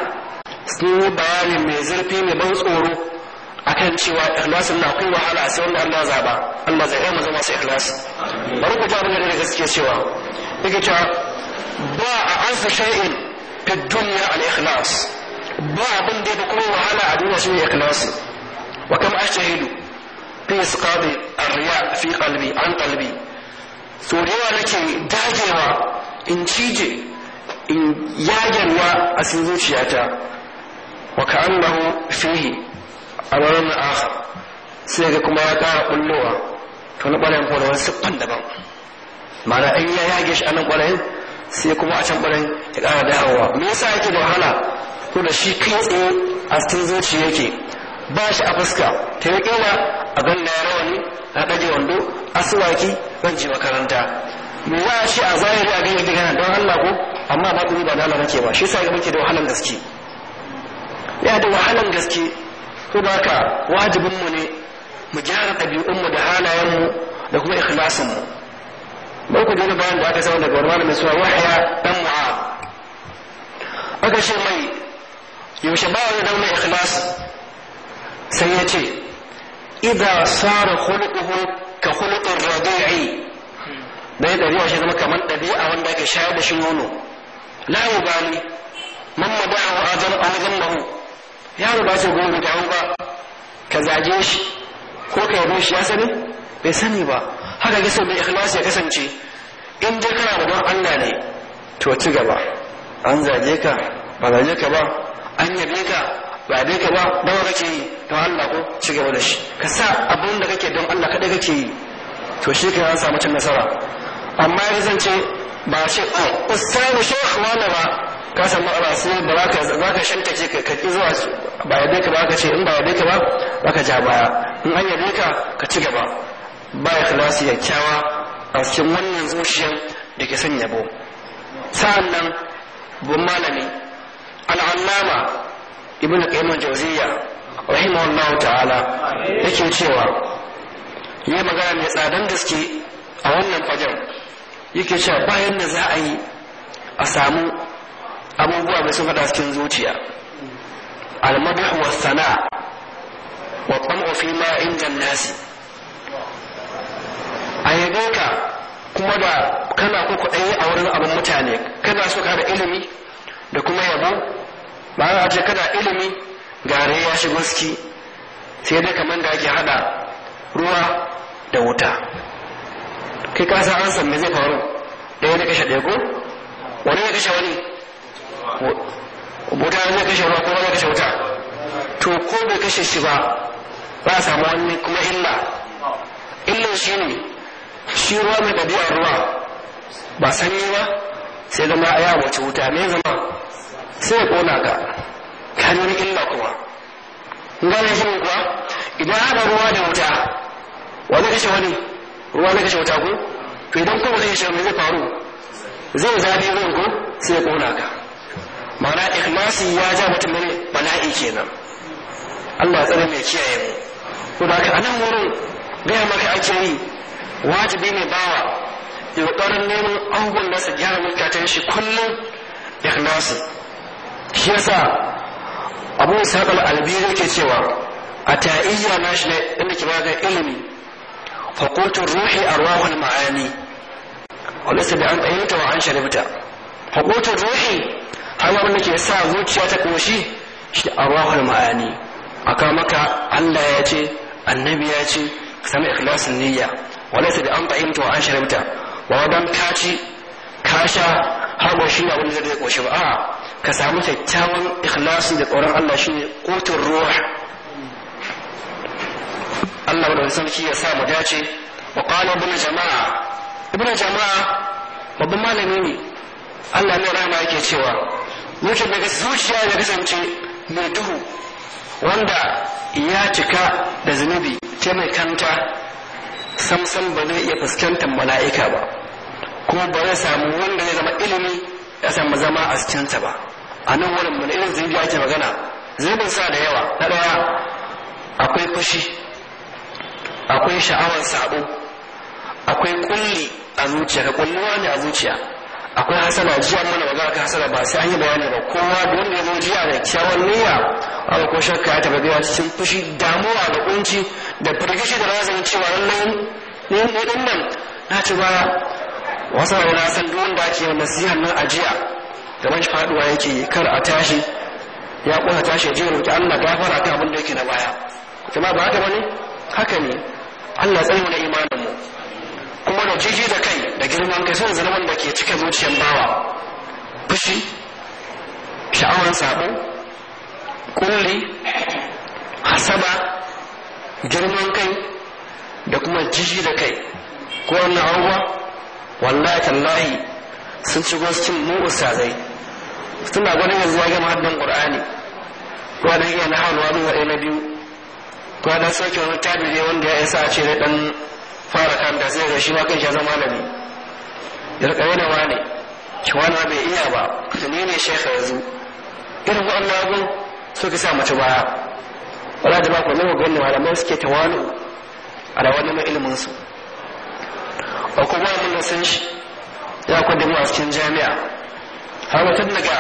sun yi bayani mai zurfi mai ban tsoro akan cewa ikhlasin na akwai wahala sai wanda Allah zaba Allah zai mu zama su ikhlasi bari ku ji da gaske cewa yake cewa ba a ansa shay'in fi dunya al ikhlas ba abin da yafi kuma wahala a duniya shine ikhlasi wa kam ashhadu fi isqadi ar-riya fi qalbi an qalbi so da yawa nake dagewa in cije in yagenwa a cikin zuciyata wa ka'annahu fihi a na akhar sai ga kuma ya kara kullowa to na ɓarayin kuma da wani siffan daban ma'ana in ya yage shi a nan ɓarayin sai kuma a can ɓarayin ya ƙara dawowa me yasa yake da wahala ko da shi kai tsaye a cikin zuci yake ba shi a fuska ta yi ƙila a ganna ya rawani na ɗage wando asuwaki zan je makaranta me za a a zahiri a gani gana don Allah ko amma ba ku ba dala nake ba shi sa ga muke da wahalan gaske ya da wahalan gaske ko ba ka wajibin mu ne mu gyara ɗabi'un mu da halayen mu da kuma ikhlasin mu ba ku dole bayan da aka samu daga wani mai suna wahaya dan mu'a aka ce mai yaushe ba wani dauna ikhlas sai ya ce idza sara khuluquhu ka khuluqur radi'i dai ɗabi'a shi zama kamar ɗabi'a wanda ake shayar da shi nono la yubali man a wajen aw ya yaro ba su da ta ba ka zaje shi ko ka yabo shi ya sani bai sani ba haka ga mai Ikhlas ya kasance in dai kana da don Allah ne to ci gaba an zaje ka ba zage ka ba an yabe ka ba dai ka ba don kake yi don Allah ko ci gaba da shi ka sa abin da kake don Allah kaɗai kake yi to shi ka samu cin nasara amma ya zance ba shi oh, ko ustani shi wahmana ba ka san ba su ba za ka za ka shanta ke ka ki zuwa ba ya dai ka ba ka ce in ba ya dai ka ba ba ka ja baya in an dai ka ka ci gaba ba ya ikhlasi ya kyawa a cikin wannan zuciyar da ke son yabo sa'an nan bun malami al'allama ibn qayyim jawziya rahimahullahu ta'ala yake cewa yayi magana mai tsadan gaske a wannan fajar yake cewa bayan da za a yi a samu abubuwa mai sun fada cikin zuciya almadahu wa sana wa tamu fi ma inda nasi a kuma da kana ko kuɗaye a wurin abin mutane kana so ka da ilimi da kuma yabo ba a ce kada ilimi gare ya shi ciki sai dai kamar da ake hada ruwa da wuta kai ka san an san me zai faru ɗaya na kashe ɗaya ko wani ne kashe wani wuta ne kashe ruwa ko wani kashe wuta to ko bai kashe shi ba ba a samu wani kuma illa illan shi ne shi ruwa mai ɗabi'ar ruwa ba sanyi ba sai zama ya wace wuta ne zama sai kona ka kanin illa kuma gane shi kuwa idan aka ruwa da wuta wani kashe wani ruwa na kashe wuta ko to idan kuma zai shiga mai zai faru zai zafi ruwan ko sai kona ka mana ikhlasi ya ja mutum ne bala'i kenan Allah tsare mai kiyaye mu ko da ka anan wurin gaya maka ake yi wajibi ne bawa ya ƙoƙarin neman angon su gyara mulkatan shi kullum ikhlasi shi yasa abu isaqal albiri ke cewa a ta'iyya nashi ne inda ke bada ilimi fakultun ruhi arwahul ma'ani walaysa da an qayyimta wa an sharibta fakultun ruhi hawa da ke sa zuciya ta koshi shi arwahul ma'ani aka maka Allah ya ce annabi ya ce sami ikhlasin niyya walaysa da an qayyimta wa an sharibta wa wadan kaci kasha har goshi na da zai koshi ba a'a ka samu kyakkyawan ikhlasi da tsoron Allah shi ne kotun ruwa Allah da sarki ya sa mu dace wa qala ibn jama'a ibn jama'a babban malami ne Allah ne rahama yake cewa yake daga zuciya ya kasance mai duhu wanda ya cika da zunubi ta mai kanta samsam ba zai iya fuskantar mala'ika ba kuma ba zai samu wanda ya zama ilimi ya samu zama a cikinsa ba a nan wurin mana irin zunubi ake magana zai sa da yawa na ɗaya akwai fushi akwai sha'awar sabo akwai kulli a zuciya da kulluwa ne a zuciya akwai hasala jiya mana magana ka hasala ba sai an yi bayani ba kowa da wanda ya zo jiya da kyawun niyya abu ko shakka ya biya cikin fushi damuwa da kunci da firgishi da razan cewa lallai ne ne din nan na ci baya wasu na san duk wanda ake nasiha nan a jiya gaban shi faduwa yake kar a tashi ya kuma tashi ya je roki Allah gafara ta abin da yake na baya kuma ba haka bane haka ne Allah tsare mu da imanin mu kuma da jiji da kai da girman kai sai zalman da ke cika zuciyar bawa fushi sha'awar sabo kulli hasaba girman kai da kuma jiji da kai ko wannan abubuwa wallahi tallahi sun ci cikin mu ustazai suna gwanin yanzu ya gama haddan qur'ani ko iya na hawa zuwa na biyu gwanin dan sauke wani tabi wanda ya isa a ce da ɗan fara kan da sai da shi ma kanshi zama malami ya rika yana wane ki wani bai iya ba ni ne shekha yanzu irin waɗannan so suka sa mace baya wala da ba ku ne ga malamai suke tawalu. a da wani ilimin su ko kuma mun san shi ya kwanda mu a cikin jami'a har wata daga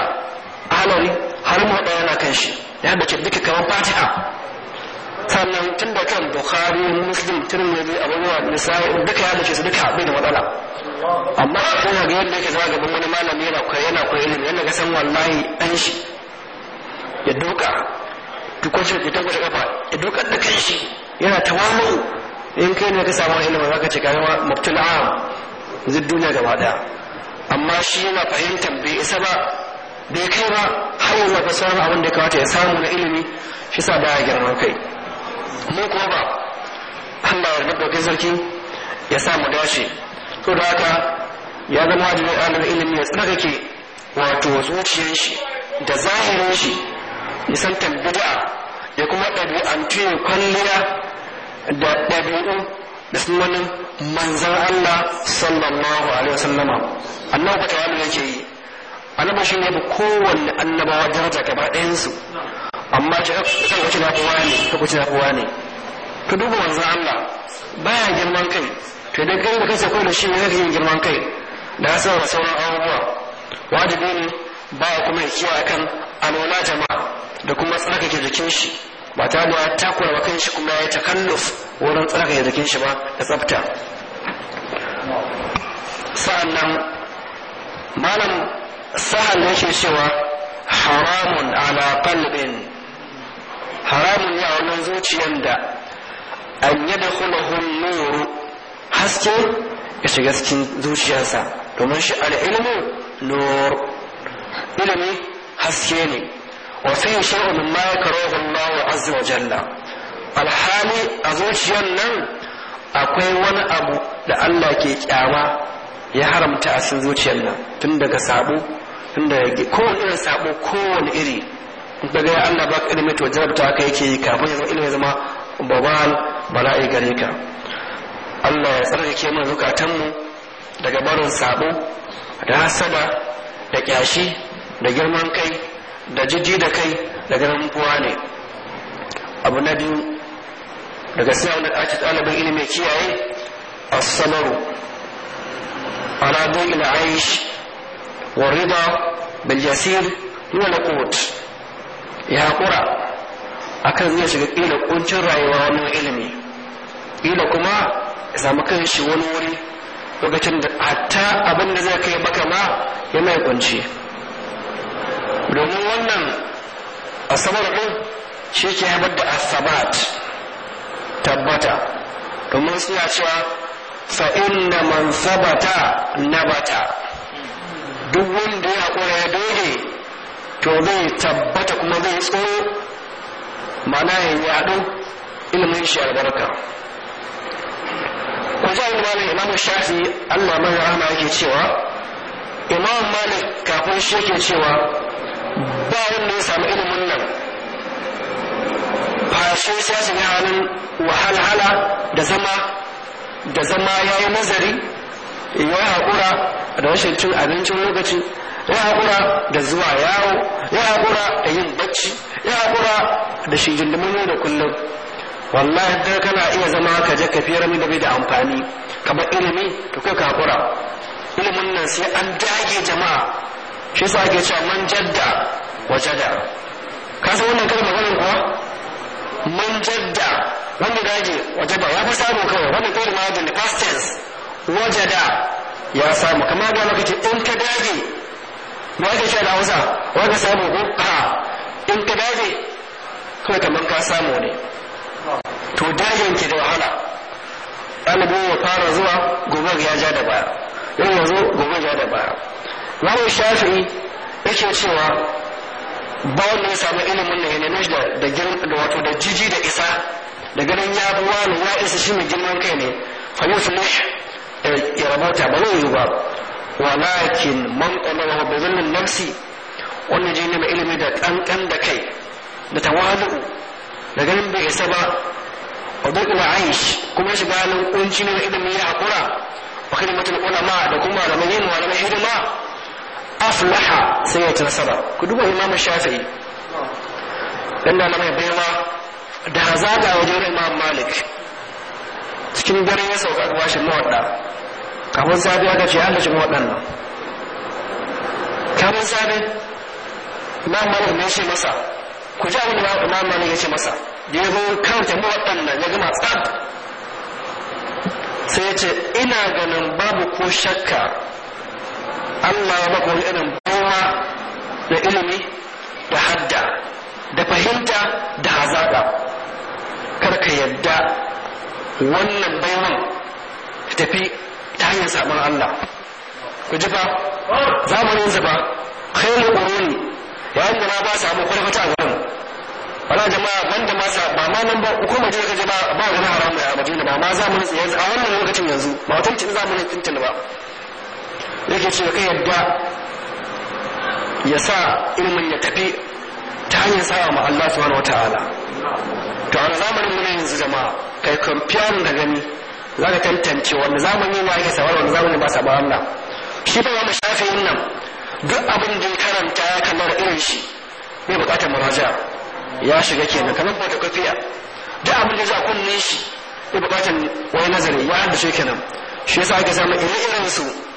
alari har mu haɗa yana kan shi ya da ke duka kamar fatiha sannan tun da kan bukhari muslim tirmidhi abubuwa nisa'i duka ya dace su duka haɗu da matsala amma ko ga yadda yake zama gaban wani malami yana koyi yana koyi ne yana ga san wallahi dan shi ya duka tukwacin da ta gwada kafa ya dukar da kan shi yana tawamu in kai ne ka samu ilimin zaka ce ka zama mubtul zai duniya gaba daya amma shi yana fahimtar bai isa ba bai kai ba har yanzu ba sauran abin da ya kamata ya samu na ilimi shi sa baya girman kai Mun kuma ba Allah ya rabu kai sarki ya sa mu dace to da haka ya zama wajibi ɗalibin ilimi ya ke wato zuciyar shi da zahirin shi ya san tambida ya kuma ɗabi'antu ya kwalliya da ɗabi'u da sunan manzan Allah sallallahu alaihi wasallama annabi ba tawali yake yi annabi shi ne kowanne annabawa daraja gaba ɗayansu. amma shi ka kuce na kowa ne ka kuce na kowa ne ka duba manzan Allah baya girman kai to idan kai da kai kai da shi ne kake yin girman kai da hasan da sauran abubuwa wajibi ne kuma ya kiyaye akan alwala jama'a da kuma tsarkake jikin shi ba ta ya takura wa kanshi kuma ya takalluf wurin tsarkake jikin shi ba da tsafta sa'annan malam sa'an yake cewa haramun ala kalbin haramun ya wannan zuciyar da an yi da hulahun nuru haske ya shiga cikin zuciyarsa domin shi al'ilmu nur ilimi haske ne وفيه شيء مما يكرهه الله عز وجل alhali a zuciyar nan akwai wani abu da Allah ke kyama ya haramta a cikin zuciyar nan tun daga sabo tun daga kowane irin sabo kowane iri daga ya Allah baka ilimi to jarabta aka yake yi kafin ya zama ilimi ya zama babal gare ka Allah ya tsarkake mana zukatanmu daga barin sabo da hasada da ƙyashi da girman kai da jiji da kai daga nan kowa ne abu na biyu daga sai wani ake ɗalibin ilimin kiyaye as a ala ila aish wa rida biljasir yi wani laqut ya hakura kan zai shiga ƙila kuncin rayuwa wani ilimi ƙila kuma ya samu kan shi wani wuri lokacin da hatta abin da zai kai baka ma mai kunci domin wannan asabar ɗin shi ke haifar da asabat tabbata domin suna cewa sa'in na man sabata nabata duk wanda ya haƙura ya doge to zai tabbata kuma zai tsoro mana ya yaɗu ilimin shi albarka ku ji malin imamu shafi allah mai rama yake cewa imam malik kafin shi yake cewa ba wanda ya samu ilimin nan fashe sai su halin wahalhala da zama da zama ya yi nazari ya hakura da rashin cin abincin lokaci ya haƙura da zuwa yawo ya haƙura da yin bacci ya haƙura da yau da kullum wallahi dai kana iya zama ka je ka da bai da amfani kamar ilimi to kai ka haƙura ilimin nan sai an dage jama'a shi sa ake cewa man jadda wa jada ka san wannan kalmar maganin kuwa man jadda wanda daji wa jada ya fi samu kawai wannan kalmar maganin yadda past tense wajada ya samu kamar da maka ce in ka daji ba ka sha da hausa wa ka samu ko ha in ka daji kawai kamar ka samu ne to dajin ki da wahala ɗalibu ya fara zuwa gobe ya ja da baya yau yanzu gobe ya ja da baya Mamu Shafi'i yake cewa ba wanda ya samu ilimin ne ya neme shi da wato da jiji da isa da ganin ya bi wani ya isa shi mai girman kai ne fa yuflih eh, ya rabauta ba zai yi ba walakin man qala bi dhilli nafsi wannan jini mai ilimi da kankan da kai da tawadu da ganin bai isa ba wa dukkan aish kuma shi bayan kunci na ilimi ya hakura wa kalimatul ulama da kuma da wani mai hidima aflaha sai ya ci nasara ku duba imamu shafi'i dan da mai bayyana da hazaka wajen imam malik cikin dare ya sauka ga shi mawadda kamar sabi aka ce an da shi mawaɗannan kamar sabi imam malik ne shi masa ku ji abin da imam malik ya ce masa da ya zo karanta mawaɗannan ya gama tsad sai ya ce ina ganin babu ko shakka Allah ya baka wani irin bawa da ilimi da hadda da fahimta da hazaƙa kar ka yadda wannan baiwan tafi ta hanyar saɓon Allah ku ji fa zamanin zuba khairu qurun yayin da ma ba samu kwalfata a gurin wala jama'a banda ma sa ba ma nan ba ko je ka jama'a ba ga haramu a Madina ba ma zamanin yanzu a wannan lokacin yanzu ba wata cin zamanin tintin ba yake ce ka yadda ya sa ilimin ya tafi ta hanyar sa ma Allah subhanahu wa ta'ala to a zamanin mu yanzu jama'a kai kwamfiyarin da gani za ka tantance wanda zamani ma yake sabar wanda zamani ba sabar Allah shi ba mu shafe nan duk abin da ya karanta ya kamar irin shi bai bukatar muraja ya shiga kenan kamar kafiya duk abin da ya kunne shi bai bukatar wani nazari ya haddace kenan shi yasa ake samu irin iren su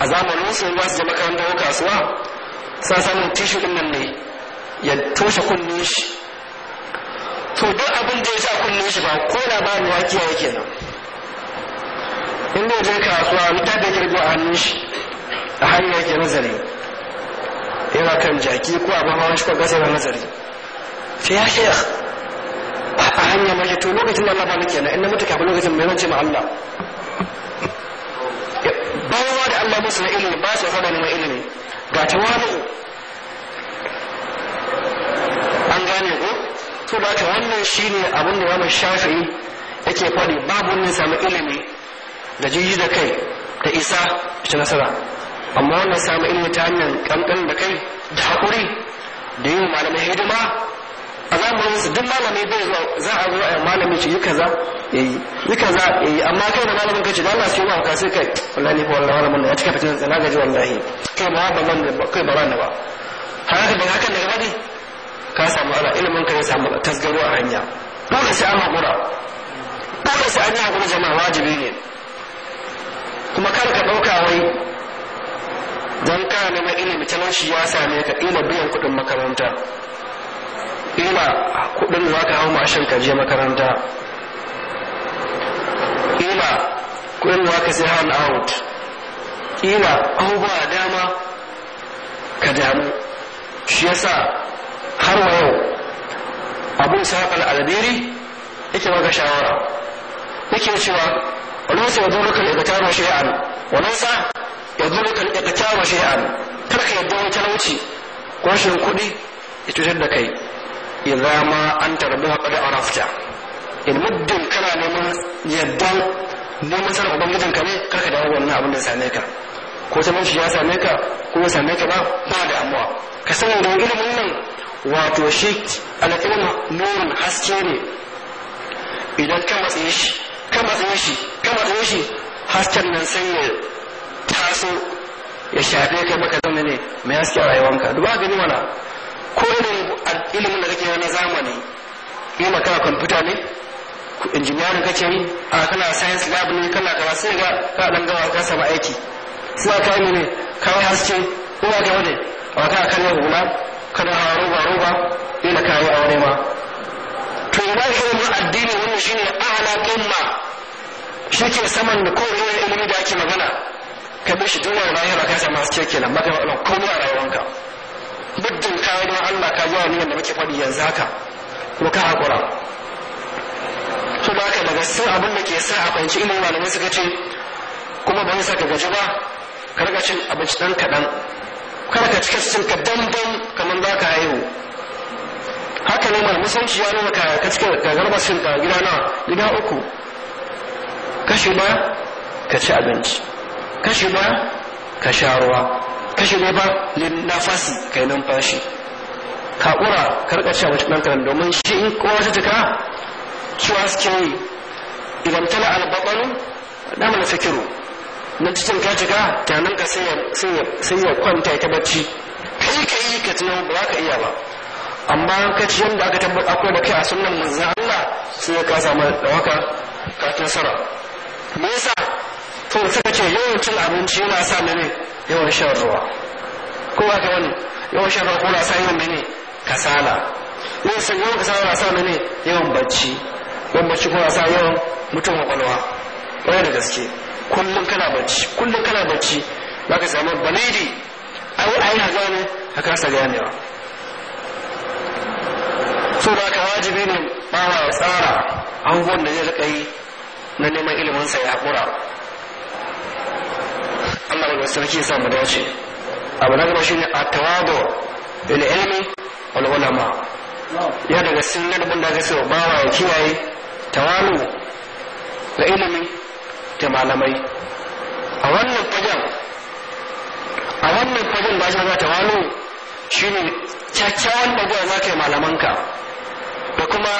a zamanin su ba su zama kayan ko kasuwa sa samun tishu din nan ne ya toshe kunne shi to duk abin da ya sa kunne shi ba ko da ba ruwa kiyaye kenan in ne je kasuwa mutar da girgo a hannun shi a hanyar yake nazari yana kan jaki ko abin hawan shi ko gasa yana nazari sai ya shi a hanya mai to lokacin da Allah ba nake na in na mutu kafin lokacin mai zance ma Allah bawa da Allah musu na ilimi ba su faɗa neman ilimi ga wani. an gane ko to ba ta wannan shine abin da wani shafi yake faɗi babu ne samu ilimi da jiji da kai da isa ta nasara amma wannan samu ilimi ta hanyar kankan da kai da haƙuri da yi malamai hidima a zamanin su duk malami bai zuwa za a zuwa malami ce yi kaza yayi yi kaza yayi amma kai da malamin kace Allah sai ma ka sai kai wallahi ko wallahi malamin ya cika fitin sana gaji wallahi kai ba ba man da kai ba ran ba haka da hakan daga bari ka samu ala ilimin ka ya samu tasgaro a hanya dole sai an hakura dole sai an yi hakura jama'a wajibi ne kuma kar ka dauka wai dan ka neman ilimi talauci ya same ka ila biyan kuɗin makaranta ila kudin za ka hau mashin ka je makaranta ila kudin za ka sai hand out ila a dama ka damu shi yasa har wa yau abun sahafal alberi yake maka shawara yake cewa wani sai yanzu rukun ikatama shay'an wani sa yanzu rukun shi shay'an kar ka yadda wani talauci ko kuɗi ya cutar da kai idza ma anta rabbuka qad arafta in muddin kana neman yadda neman sanar ubangijin ka ne karka dawo wannan abin da same ka ko ta shi ya same ka ko ya same ka ba ba damuwa ka sanin da ilimin nan wato shi alƙilin nurin haske ne idan ka matsaye shi ka matsaye shi ka matsaye shi hasken nan sai ya taso ya shafe kai maka zama ne mai haske a rayuwanka duba gani mana ko irin ilimin da kake na zamani yi a kwamfuta ne injiniyarin kake yi a kana science lab ne kana kaza sai ga ka dan gawa ka samu aiki sai ka yi ne kai haske kuma ga wani ba ka kan hula kana hawa roba roba ina a wani ma to ina ilimin addini wannan shine a'la Shi shike saman da ko irin ilimi da ake magana ka bi shi duniya lahira ka samu haske kenan maka wannan komai a rayuwanka muddin kayan don Allah ka yi wani da muke faɗi yanzu haka ko ka haƙura Kuma ka daga sun abin da ke sa a fahimci ilimin malamai suka ce kuma ba sa ka gaji ba ka rika cin abinci ɗan kaɗan kada ka cika cin ka dandan kamar za ka haihu haka ne malamai sun ci ya nuna ka ka cika ka garba sun ka gida na gida uku kashi ba ka ci abinci kashi ba ka sha ruwa kashe ne ba nafasi kai numfashi ka ƙura karkashe wajen ɗankaran domin shi in kowa ta jika cewa suke yi idan tana albaɓaru dama na fikiru na cikin ka jika tunanin ka sai ya kwanta ta tabbaci kai ka yi ka tunan ba ka iya ba amma ka ci yadda aka tabbata akwai da kai a sunan manzan Allah sai kasa mai dawaka ka nasara me yasa to suka ce yawan cin abinci yana sa ne yawan shan ruwa ko ba ka wani yawan shan ruwa ko na sa yawan mene kasala yawan san yawan kasala na sa mene yawan bacci yawan bacci ko na sa yawan mutum kwakwalwa wani da gaske kullum kana bacci kullum kana bacci za ka samu balidi a wani aina gane a kasa ganewa so da ka wajibi ne bawa wa tsara abubuwan da zai rika yi na neman ilimin sa ya kura. Allah wanda sarki ya samu dace abu na gaba shine atawadu bil ilmi wal ulama ya daga sunnar bin da ga ba wa ya kiyaye tawalu da ilimi da malamai a wannan fagen a wannan fagen da shi ga tawalu shine kyakkyawan dagowa za ka yi malamanka da kuma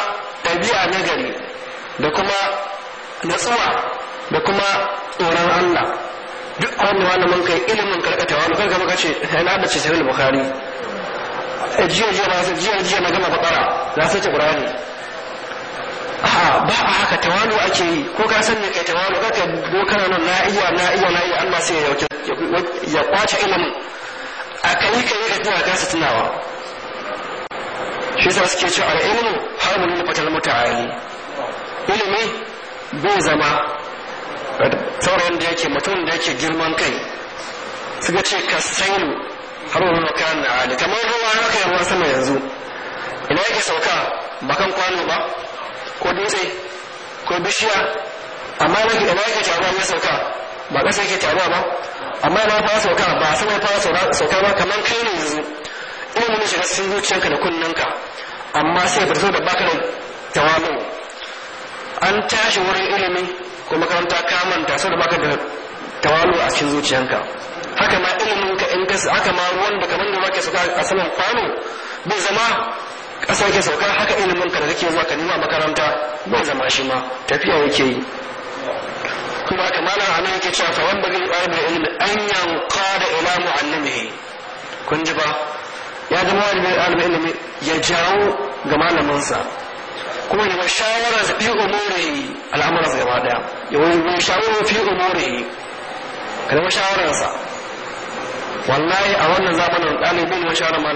ɗabi'a na gari da kuma natsuwa da kuma tsoron Allah duk abin wani malamin kai ilimin karkata wani kanka kama ce na da ce sai da bukhari eh, jiya jiya na sai jiya jiya na gama bakara na sai qur'ani a ba a haka tawalu ake yi ko ka san ne kai tawalu kaka dokana nan na iya na iya na iya Allah sai ya kwace ilimin a kai kai ka tuna ka tunawa shi yasa suke cewa al-ilmu harbun fatal muta'ali ilimi bai zama saurayin da yake mutum da yake girman kai suka ce ka sainu har wani makaran na ali kamar ruwa haka yi ruwan sama yanzu ina yake sauka bakan kwano ba ko dutse ko bishiya amma ina yake taruwa ya sauka ba ƙasa yake taruwa ba amma na fara sauka ba sama fara sauka ba kamar kai ne yanzu ina mun shiga cikin zuciyanka da kunnanka amma sai ya fito da baka da tawamu an tashi wurin ilimi ko makaranta ka manta da baka da tawalu a cikin zuciyanka haka ma ilimin ka in gasa haka ma ruwan da kamar da baka sauka a saman kwano bai zama kasar yake sauka haka ilimin ka da kake zuwa ka nima makaranta bai zama shi ma tafiya yake yi kuma haka malam ana yake cewa fa wanda bai da ilimi an yanka da ila mu'allimihi kun ji ba ya zama wani ɗalibin ilimi ya jawo ga malaminsa kuma ya shawara fi umurihi al'amuran sa ba daya ya wani shawara fi umurihi ka zama shawararsa wallahi a wannan zamanin dalibin ya shawara Ba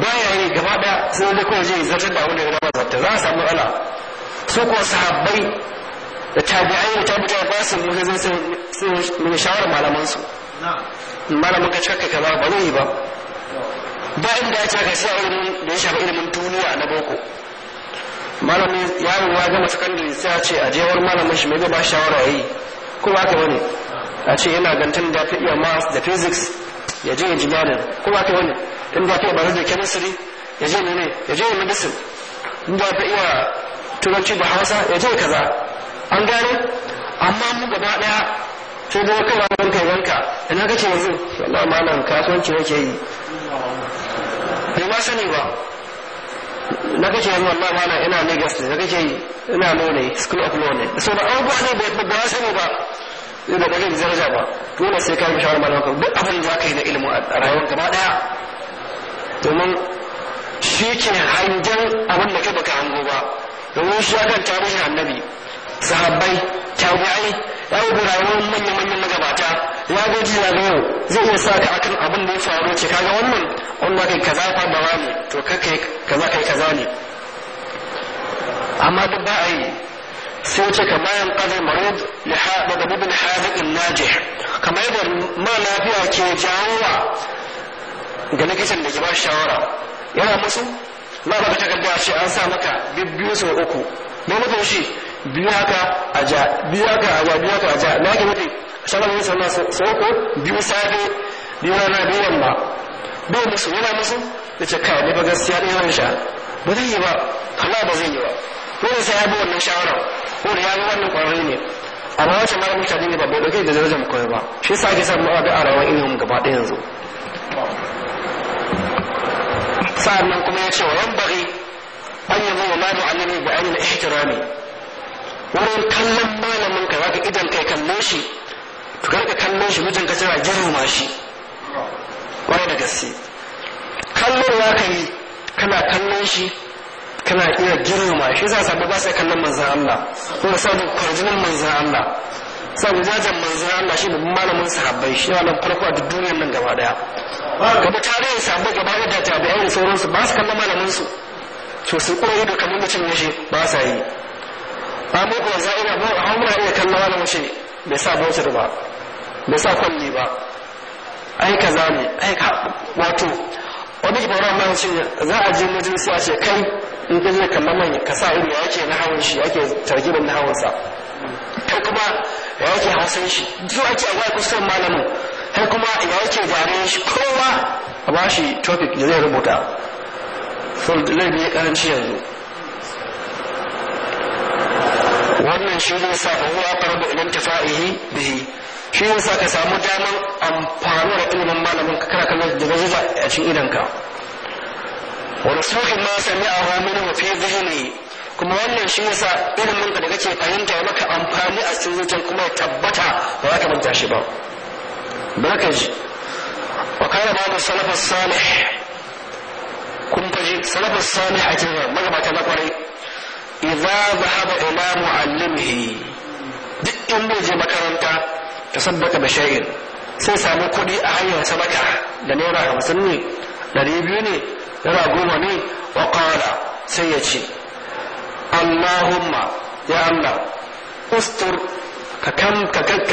baya yi gaba daya sai da kawai zai zartar da wani gaba zartar za a samu ala su kuwa sahabbai da tabi'ai da tabi'ai ba su mu zai sai shawara malamansu malamin ka cika kaza ba zai yi ba ba inda ya ce ka shi ilimin da ya shafi ilimin duniya na boko malamin yaro ya gama sakandare sai a ce a jewar malamin shi mai ba shawara yi ko ba ka wani a ce yana gantan da fi iya maths da physics ya je engineering ko ba ka wani in da fi iya bazar da chemistry ya je ne ya je medicine in da fi iya turanci da hausa ya je kaza an gane amma mu gaba daya sai dai kai wanka wanka ina kace yanzu wallahi malam kasuwanci yake yi bai ma sani ba na kake yi wallah na ina Lagos ne na kake ina lone school of law ne so na abubuwa ne ba ba ya sani ba zai da ganin zarja ba dole sai kai yi shawara malaman duk abin da za ka yi na ilimin a rayuwar gaba daya domin shi ke hangen abin da kai baka hango ba domin shi ya kan ta annabi sahabbai tabi'ai ya yi rayuwar manya-manyan magabata ya gaji ya ga yau zai iya sa ka akan abin da ya faru ce kaga wannan Allah kai kaza fa ba ne to kai kaza kai kaza ne amma duk ba a yi sai ce kamar yan ƙazar marud da dabibin hadiƙin najih kamar yadda ma lafiya ke jawowa ga likitan da ke ba shawara yana musu Ma ba ka takarda ce an sa maka biyu sau uku me mutum shi Biya ka a ja biya ka a ja biyu haka a ja na ke mutu shagal musu na sauko biyu safe biyu na biyu ba biyu musu yana musu da ce kai ne ba gaskiya ne yawan sha ba zai yi ba Allah ba zai yi ba dole sai ya bi wannan shawara ko da ya yi wannan kwararri ne A amma wace malamin shaɗi ne ba bai ɗauke da darajar koyo ba shi yasa ake samu a da'a rawar ilimin gaba ɗaya yanzu Sa'an nan kuma ya ce wa yan bari an yi mu wa malu annani bi ainihin ihtirami wurin kallon malamin ka zaka idan kai kalle shi to karka kallon shi ka sai a girma shi kwarai da gaske kallon ka yi kana kallon shi kana iya girma shi za sabu ba sai kallon manzan Allah kuma sabu kwarjinin manzan Allah sabu jajen manzan Allah shi babban malamin sahabbai shi ne farko a duniyar nan gaba daya gaba tarihin sabu gaba da tabi'ai da sauransu ba su kallon malamin su to su kuma da kamar mutum ya shi ba sa yi ba mu ko za ina ba amma muna iya kallon wani mace bai sa bautar ba bai sa kwalli ba ai ka za ne ai ka wato wani ibrahim ma ce za a je mujin sai a ce kai in ka je kallon man ka sa ya yake na hawan shi ke targibin na hawan sa kai kuma ya yake hausan shi duk ake a kusurin malamin kai kuma ya yake zare shi kowa a ba shi topic da zai rubuta so laifi ya karanci yanzu wannan shi ne sa huwa aqrabu ila intifa'ihi da shi shi ne sa ka samu daman amfani da ilimin malamin ka kana kallon da zuba a cikin idanka wa nasuhin ma sami'ahu minhu fi dhihni kuma wannan shi ne sa ilimin ka da kake fahimta ya maka amfani a cikin zuciyar kuma ya tabbata ba za ka manta shi ba baraka ji wa kana da salafus salih kun faji salafus salih a cikin magabata na kwarai idza zahaba ila muallimihi duk in bai je makaranta ta sabbata bashair sai samu kuɗi a hanyar sabata da naira hamsin ne ɗari biyu ne naira goma ne wa ƙara sai ya ce allahumma ya allah ustur ka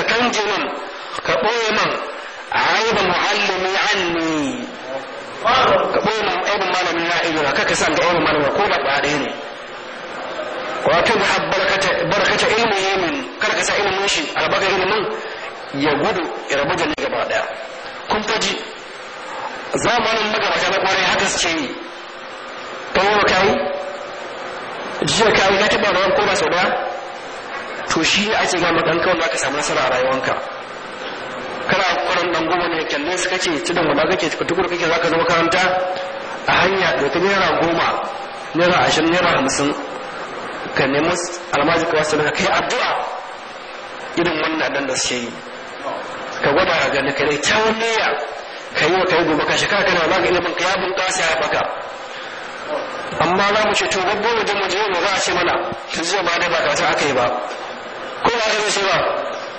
kanje nan, ka ɓoye man aiba muallimi anni ka ɓoye man aibin malami na aibina kaka san ga aibin malami ko da ɗaya ne wato da barkata ilmi min kar ka sa ilimin shi albaka ilimin ya gudu ya rabu da ni gaba daya kun faji zamanin magabata na kwarai haka su suke yi ta yi kai jiya kai na taba ruwan ko ba sau daya to shi ne ake gama dan kawai da ka samu nasara a rayuwanka kana kwaran dan goma ne kyalle su kace cidan wanda kake tukur kake zaka zo makaranta a hanya da ta naira goma naira ashirin naira hamsin ka nemi almaji ka sanar kai addu'a irin wannan dan da suke yi ka gwada ka gani ka dai kyawun niyya ka yi wa ka yi gobe ka shekara kana ba ga ilimin ka ya bunƙasa ya baka amma za mu ce to babbo da mu je mu za a ce mana ta zuwa ba dai ba kasa aka yi ba ko ba ka yi ba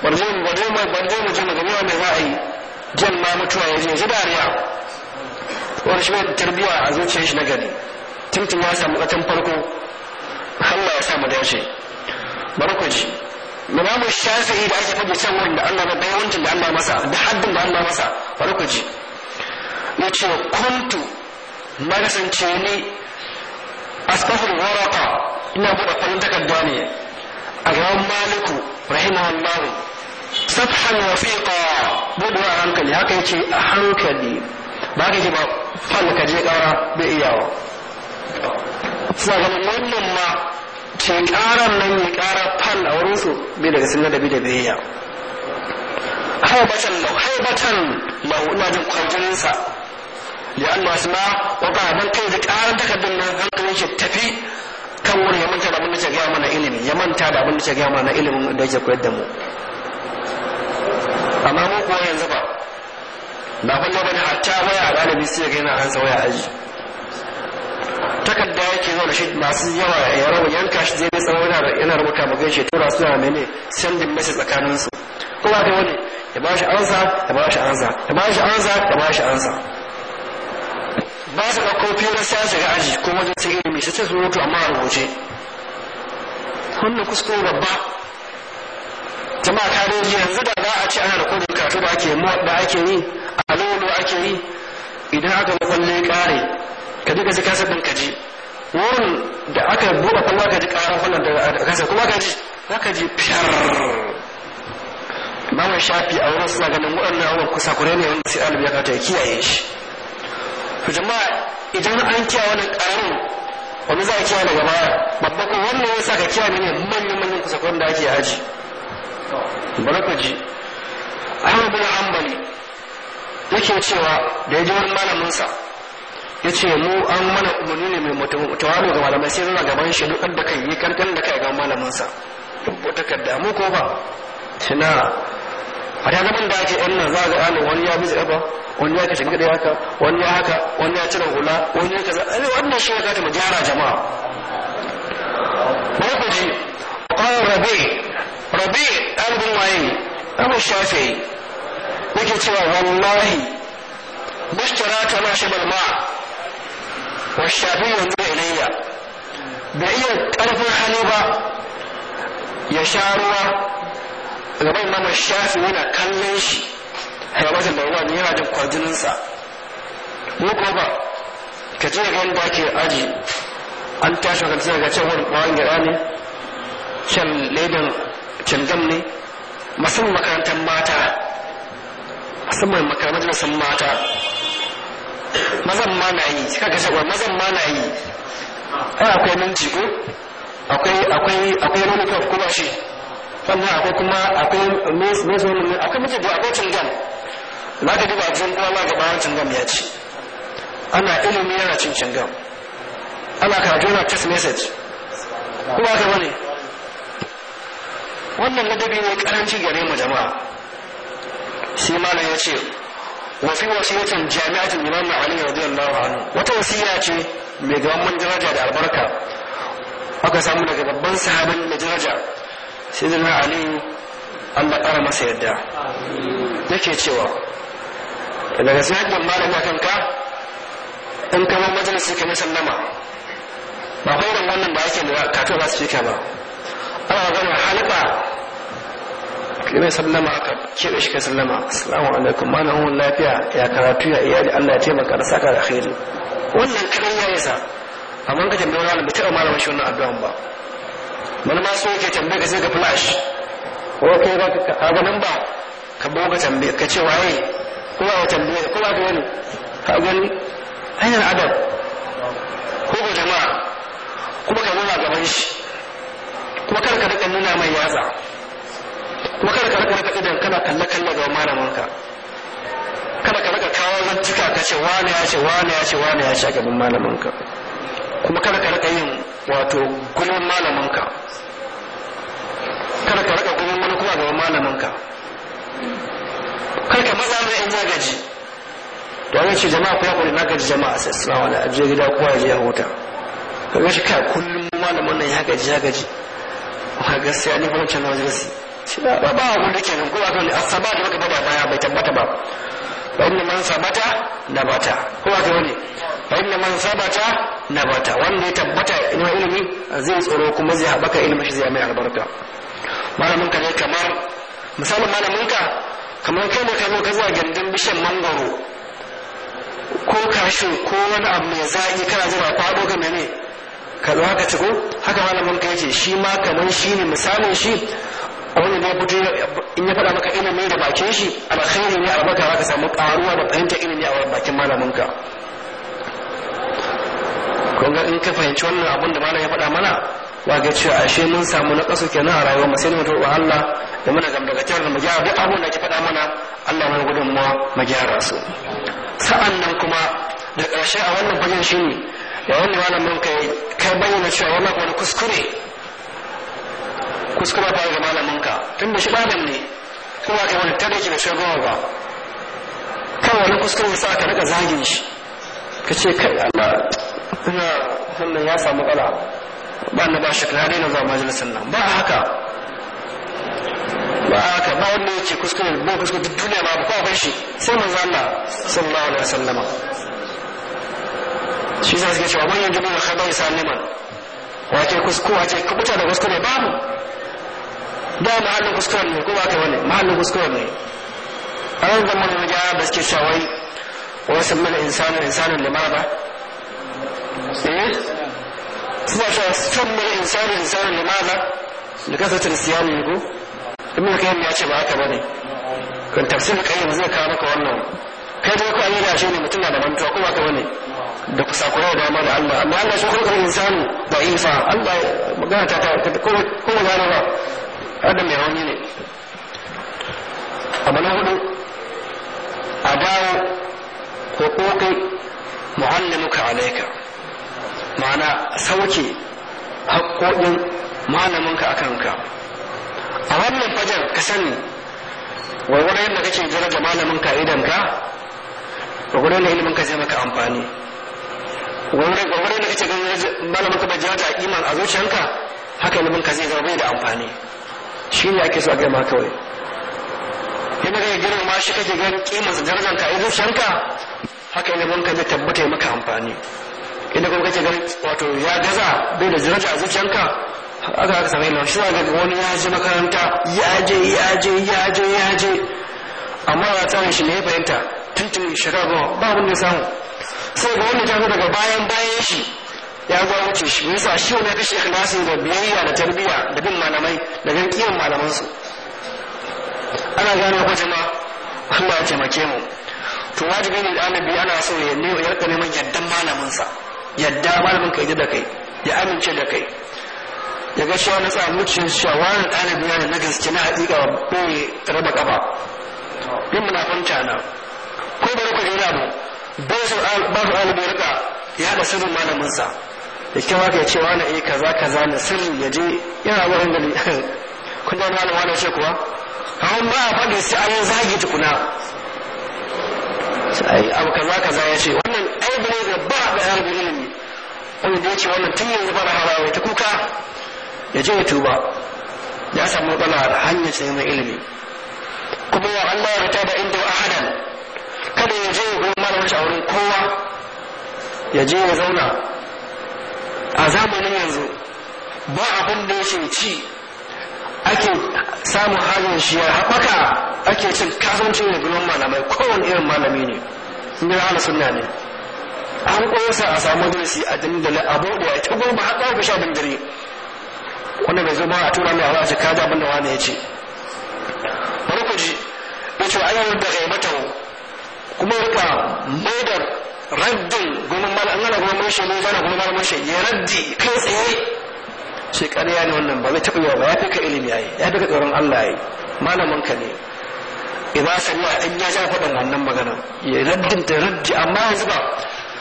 barzo mu barzo mu barzo mu je mu gani me za a yi jan ma mutuwa ya je ji dariya wani shi mai tarbiyya a zuciyar shi na gani tuntun ya samu ƙatan farko Allah ya sa dace bari ku ji imamu shafi'i da aka fage san wurin da Allah na bayawancin da Allah masa da haddin da Allah masa bari ku ji ya ce kuntu na kasance ni asbahul waraka ina buɗe kwallon takarda ne a gaban maliku rahimahullah sabhan wafiqa buɗewa a hankali haka yake a hankali ba ka ce ba fal ka je ƙara bai iyawa sakamakon wannan ma ke ƙarar nan ya ƙara fan a wurinsu bai daga da ladabi da biyayya haibatan lau haibatan lau ina jin kwarjininsa ya an masu ma wata don kai da ƙarar takardun nan hankalin shi tafi kan wani ya manta da abin da ke gaya mana ilimi ya manta da abin da ke gaya mana ilimin da yake koyar da mu amma mu kuwa yanzu ba ba kullum bane hatta waya galibi sai ga yana an sa waya aji takarda yake zo da shi masu yawa ya rabu yanka shi zai tsawo yana rubuta mu gaishe tura suna mene sendin mesi tsakaninsu, kuma kowa da wani ya ba shi ansa ya ba shi ansa ya ba shi ansa ya ba shi ansa ba su da kofi na sa shiga aji ko wajen sai ilimi sai su mutu, amma a rubuce wannan kuskure babba jama'a ta doji yanzu da za a ce ana rikodin karatu da ake yi a lolo ake yi idan aka makwalle kare ka je ka ji kasar din ka ji wurin da aka buɗe kuma ka ji ƙarar wannan da kasa kuma ka ji za ka ji fiyar ba mai shafi a wurin suna ganin waɗannan abubuwan kusa kure ne wanda sai ɗalibi ya kata ya kiyaye shi to jama'a idan an kiyaye wannan ƙaramin wani za a kiyaye daga baya babba ko wannan ya sa ka kiyaye ne manyan manyan kusa kuren da ake aji bari ku ji an bin hanbali yake cewa da ya ji wani malaminsa ya ce mu an mana umarni ne mai mutawaro ga malamai sai zama gaban shi duk da kai yi kankan da kai ga malaminsa rubu takarda mu ko ba suna a ta zaman da ake yan nan za ga ana wani ya mizi ba wani ya kashe gida haka wani ya haka wani ya cire hula wani ya kaza ai wannan shi ya kata mu gyara jama'a ba ku ji qala rabi rabi an bin waye abu shafi yake cewa wallahi mushtara ta na shi balma wa shafi yanzu ilayya bai iya ƙarfin hali ba ya sha ruwa gaban nama shafi yana kallon shi ya masa da ruwa yana jin kwarjininsa ko ba ka je ga yadda ake aji an tashi ka tsaya ga cewa ɓawon gyaɗa ne can ledan can ne musamman makarantar makarantar mata mazan ma na yi kika kashe kwa mazan ma na yi ai akwai minti ko akwai akwai akwai manufa ko ba shi sannan akwai kuma akwai meso ne akwai mace da akwai cingam za ka duba jin na ma gaba ya ci ana ilimi yana cin cingam ana karatu yana text message kuma haka bane wannan ne karanci gare mu jama'a malam ya ce wa fi wasiyatin jami'atin imam ali radiyallahu anhu wata wasiya ce mai gaban daraja da albarka aka samu daga babban sahabin da daraja sai zama ali Allah ƙara masa yadda yake cewa daga sai haƙƙin malami a kanka in kama majalisi ka sallama ba kwairan wannan ba yake da kato ba su fika ba ana magana halaka kai sallama aka kebe shi ka sallama assalamu alaikum ma na lafiya ya karatu ya iyali allah ya taimaka da saka da khairi wannan kadan ya yasa amma ka tambaye wani bai taɓa malamin shi wannan addu'an ba wani ma so yake tambaye ka sai ka flash ko kai ba ka ga nan ba ka bo ka tambaye ka ce waye ko ba ka tambaye ko ba ka wani ka gani hanyar adab ko ga jama'a kuma ka nuna gaban shi kuma kar ka rika nuna mai yatsa kuma kada ka raka raka idan kana kalle kalle ga malamanka kada ka raka kawo zantuka ka ce wane ya ce wane ya ce wane ya ce a gaban malamanka kuma kada ka raka yin wato gumin malamanka kada ka raka gumin wani kuma gaban malamanka kada ka maza ne in zagaji to an ce jama'a kuma kuma na gaji jama'a sai suna wani ajiye gida kowa ya je ya huta kaga shi kai kullum malamin nan ya gaji ya gaji ka gaskiya ne kuma can na wajen suna ba ba hudu kenan ko wato asaba da baka bada baya bai tabbata ba fa inna man sabata nabata ko wato ne fa inna man sabata nabata wanda ya tabbata ina ilimi zai tsoro kuma zai haɓaka ilimin shi zai mai albarka malamin ka ne kamar misalin malamin ka kamar kai ne kai ne ka zuwa gindin bishan mangoro ko kashin ko wani abu mai zaƙi kana zuwa kwado ga mene ka zo haka ciko haka malamin ka yace shi ma kamar shi ne misalin shi wani ne fito in ya faɗa maka ilimi da bakin shi alkhairi ne a baka za ka samu ƙaruwa da fahimta ilimi a bakin malaminka kun ga in ka fahimci wannan abun da malam ya faɗa mana wa ga cewa ashe mun samu na ƙasa kenan a rayuwar mu sai mu roƙi Allah da muna gamdagatar da mu gyara duk abin da ke faɗa mana Allah mai gudunmawa mu gyara su sa'an nan kuma da ƙarshe a wannan fagen shine da wannan malamin kai kai bayyana cewa wannan wani kuskure kuskura ba ga malaminka tun da shi malam ne kuma kai wani tare ki da shagoma ba kan wani kuskure sa ka rika zagin shi ka ce kai Allah ina wannan ya samu kala ba na ba shi na daina zuwa majalisar nan ba haka ba haka ba wanda ya ce kuskure ba kuskure duk duniya ba ba ba shi sai manzo Allah sallallahu alaihi wasallama shi zai ga cewa man yanzu khabai khabar saliman wace kuskure wace kubuta da kuskure babu da mahallin kuskure ne ko ba ka bane mahallin kuskure ne a yau zaman mu ja da suke shawai wa samman insanu insanan da mara ba eh suna cewa samman insanu insanan da mara da kasatar siyani ne ko ibn kayyim ya ce ba haka bane kan tafsir yi zai kawo maka wannan kai dai ko an yi gashi ne mutum na da mantuwa ko ba ka bane da kusakurai da dama da Allah amma Allah shi kulkul insani da ifa Allah magana ta ta ko ko magana ba wanda mai wani ne abu na hudu a dawo hukuki muallimuka alaika ma'ana sauke haƙoƙin malaminka a kanka a wannan fajar ka sani wani yadda kake da malaminka idan ka warware na ilimin ka zai maka amfani wani da kake ganin malaminka bai jira da iman a zuciyanka haka ilimin ka zai zama bai da amfani shi ne ake so a gama kawai yana kai girma shi kake ganin kimarsa darajar ka a shanka haka ilimin ka zai tabbata ya maka amfani inda kuma kake ganin wato ya gaza bai da zirata a zuciyanka aka aka same na shi zaga wani ya je makaranta ya je ya je ya je ya je amma ya tsare shi ne ya fahimta tuntun shekara goma ba abin da samu sai ga wani ta daga bayan bayan shi ya zo wuce shi yasa shi ne kashe ikhlasin da biyayya da tarbiyya da bin malamai da bin kiyan malaman su ana gane ko jama'a Allah ya taimake mu to wajibi ne annabi ana so ya ne ya rika neman yaddan malamin sa yadda malamin kai da kai ya amince da kai ya ga shi wani tsamu cin shawarar ɗalibi yana na gaske na haƙiƙa ba raba ƙafa bin munafanta na ko bari ku jira mu su ba su ɗalibi rika ya haɗa sirrin malamin sa da cikin haka ya ce wani eh kaza kaza na sirri ya je yana wurin da kun da wani wani ce kuwa kawai ba a faɗi sai an zagi tukuna sai abu kaza kaza ya ce wannan aibu ne da ba da yan ne. wani da ya ce wannan tun yanzu ba na harawa ta kuka ya je ya tuba ya samu matsala hanyar sai mai ilimi kuma ya Allah ya rita da inda ahadan kada ya je ya goma da wuce a wurin kowa ya je ya zauna a zamanin yanzu ba abin da yake ci ake samun halin shi ya haɓaka ake cin kasance da gudun malamai kowane irin malami ne sun ala hana ne an kosa a samu darasi a dandali a bude a tagon ba haɗa ku sha dandare wanda bai zo ba a tura mai a ce kaji abin da wani ya ce bari ku ji ya ce ayyawar da gaibatau kuma rika maidar. raddin gumin an ana gumin mashi ne zana gumin mara mashi ya raddi kai tsaye shi ƙarya ne wannan ba zai taɓa yawa ba ya fi ka ilimi yi ya fi ka tsoron Allah yi malamin ka ne idan sanya in ya ja faɗin wannan magana ya raddin ta raddi amma yanzu ba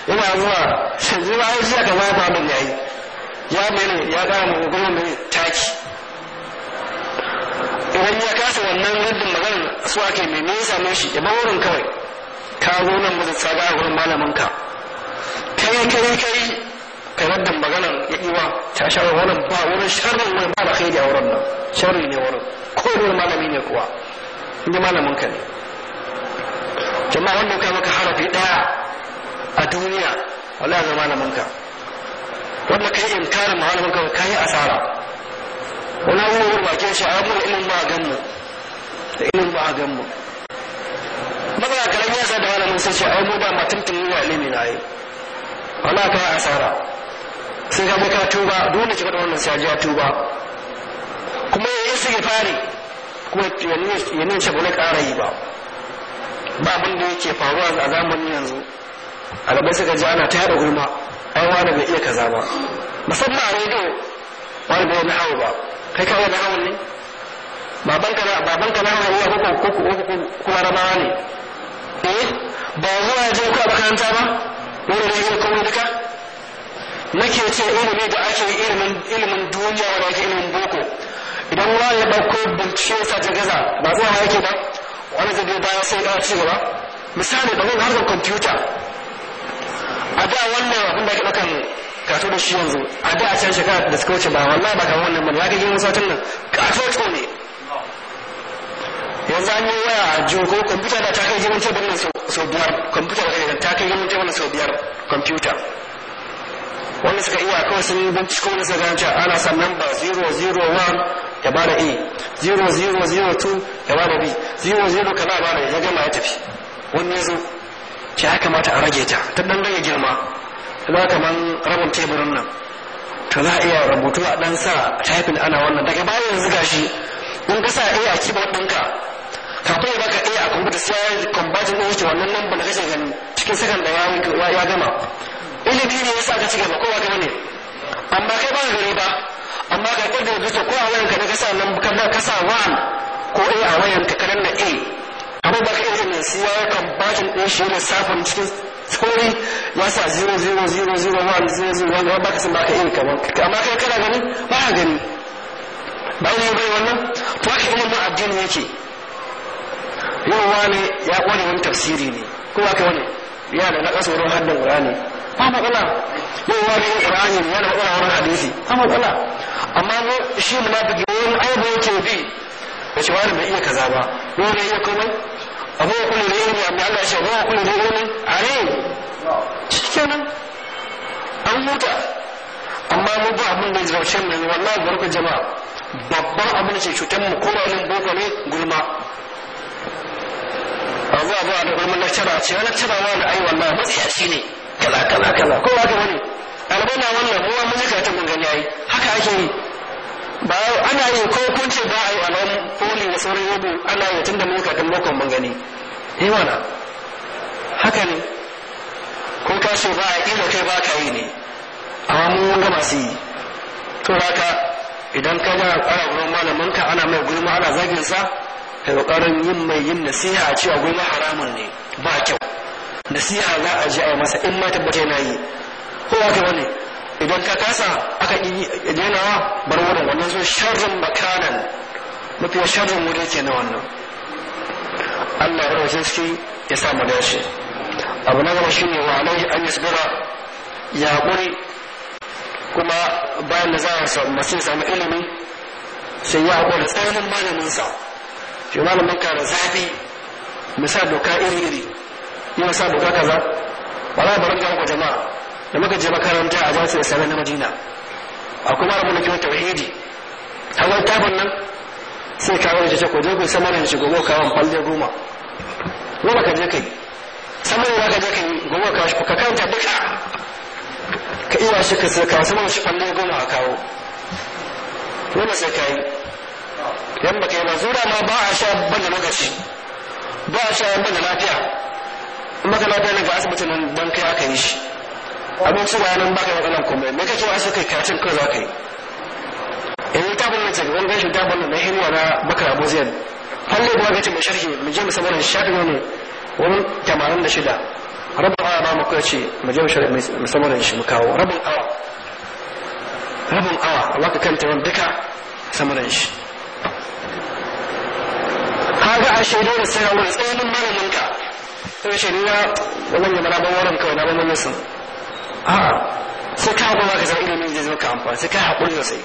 yana zuwa sai zuwa ya zuwa gaba ba min yayi ya mene ya ƙara mu gumin mai taki idan ya kasa wannan raddin maganar su ake mai nisa mashi shi ya ba wurin kawai ka zo nan musu tsada a wurin malaminka ka kai kai kai kai wannan maganar ya iwa ta sha wannan ba wurin sharrin wani ba alkhairi a wurin nan sharri ne wurin ko wurin malami ne kuwa ni malaminka ne jama'a wannan kai maka harafi daya a duniya wala ga malaminka ka wanda kai kare malamin ka kai asara wani abubuwan bakin shi a abubuwan ilimin ba a ganmu da ilimin ba a ganmu matsala karamin yasa da malamin sai ce ai ba da matan tuni wa ilimi na yi wala ka yi asara sai ka ka tuba dole ki faɗa wannan sai ya tuba kuma ya yi sai fare kuma ya nuna ce ba na yi ba ba abin da yake faruwa a zamanin yanzu a gaba suka ji ana ta haɗa gulma ai wani bai iya kaza ba musamman a rediyo wani bai na hawa ba kai kawai na hawan ne babanka na hawa ko kuma ramawa ne eh ba zuwa ya je ku a makaranta ba wanda ne ya kuma duka nake ce ilimi da ake ilimin duniya wanda ake ilimin boko idan ruwa ya ɗauko binciken sa ta gaza ba zuwa ya yake ba wani zai biyo baya sai ya ci gaba misali ba zan harkar kwamfuta a da wannan abin da ake ɗaukan kato da shi yanzu a da a can shekara da suka wuce ba wallahi ba kamar wannan ba ya ga girman sautin nan kato ne yanzu an yi waya a jiyo ko kwamfuta da ta kai girman tebur nan sau biyar kwamfuta da ta kai girman tebur nan sau biyar kwamfuta wanda suka iya kawai sun yi binciko wanda suka gane cewa ana san namba 001 ya bada a 0002 ya bada b 00 kaza ba bada ya gama ya tafi wani ya zo ce ya kamata a rage ta ta dan rage girma ta kaman rabin teburin nan ta za a iya rubutu a dan sa typing ana wannan daga bayan yanzu gashi in ka sa a iya keyboard ɗinka kafin ya baka ɗaya a kwamfuta sai ya kwambatin ɗin wuce wannan nan ba na kashe gani cikin sakan da ya gama ilimi ne yasa ka ci gaba kowa gaba ne amma kai ba gari ba amma ka ɗaga da ko a wayanka na kasa nan ka kasa wan ko a a wayanka ka na a Amma ba ka iya ne sai ya kwambatin ɗin shi da safin cikin tsori ya sa 00001 ba ka san ba ka iya kama. amma kai kana gani ba a gani ba ne bai wannan to haka ilimin addini yake yawa ya kware wani tafsiri ne ko ba wani ya da na kasa wurin wura ne ba matsala yawa ne qur'ani ya da matsala wurin hadisi ba matsala amma mu shi munafiki wani aibu yake bi ba shi wani bai iya kaza ba wani iya komai abu ya kullu da ilmi amma Allah ya ce wa kullu da ilmi alim shikenan an huta amma mu ba abin da zai shan nan wallahi barka jama'a babban abin da ke cutar mu kuma ilin boko ne gulma ba da gurbin lakcara ce wani lakcara da ai wallahi matsiyaci ne kala kala kala kowa ta wani ɗalibai na wannan mun yi ta mun gani haka ake yi ba ana yi ko kun ce ba a yi ko poli da sauran yabo ana yi tun da muka ɗin bakon mun gani eh wana haka ne ko ka ce ba a ƙila kai ba ka yi ne amma mun ga masu yi to haka idan ka ga ana gurin malamin ka ana mai gulma ana zagin sa ƙoƙarin yin mai yin nasiha cewa gwiwa haramun ne ba kyau nasiha za a ji a masa in ma tabbata yana yi ko wata kai idan ka kasa aka yi yanawa bar wurin wannan zo sharrin makanan mafi sharrin wuri ke na wannan Allah ya rawace suke ya sa mu dace abu na gaba shine wa alaihi an yasbira ya kuri kuma bayan da za a masu sami ilimi sai ya haƙura tsananin malaminsa shi malamin ka da zafi mu sa doka iri iri yi sa doka kaza ba za a barin gama jama'a da muka je makaranta a da sarari na madina kuma malamin na kiwon tawhidi hawan tabon nan sai kawo da ce ko je sama da shi gobe kawon falle goma goma ka je kai sama da ka je kai gobe ka shi ka ta duka ka iya shi ka sai kawo sama da shi falle goma a kawo dole sai ka yi yan baka yi ba zura ma ba a sha banda lokaci ba a sha banda lafiya in baka lafiya ne ga asibitin nan don kai aka yi shi abinci ba nan baka yi wannan komai me kake wasu kai karatun kai za ka yi in eh, ta bunna ce wani gashin ta bunna na hinwa na bakar abu ziyar falle ba ga ce mai sharhi mu je mu samu shafi ne wani tamanin da shida rabin awa ba mu kai ce mu je mu samu da shi mu kawo rabin awa rabin awa Allah ka kanta wani duka samu da shi ka ga a shaidu da sai wani tsayanin malamin ka sai shaidu ya wannan ya mana bawaran kawai na ban sun a sai ka haƙura ka zai ilimin zai maka amfani sai ka haƙuri da sai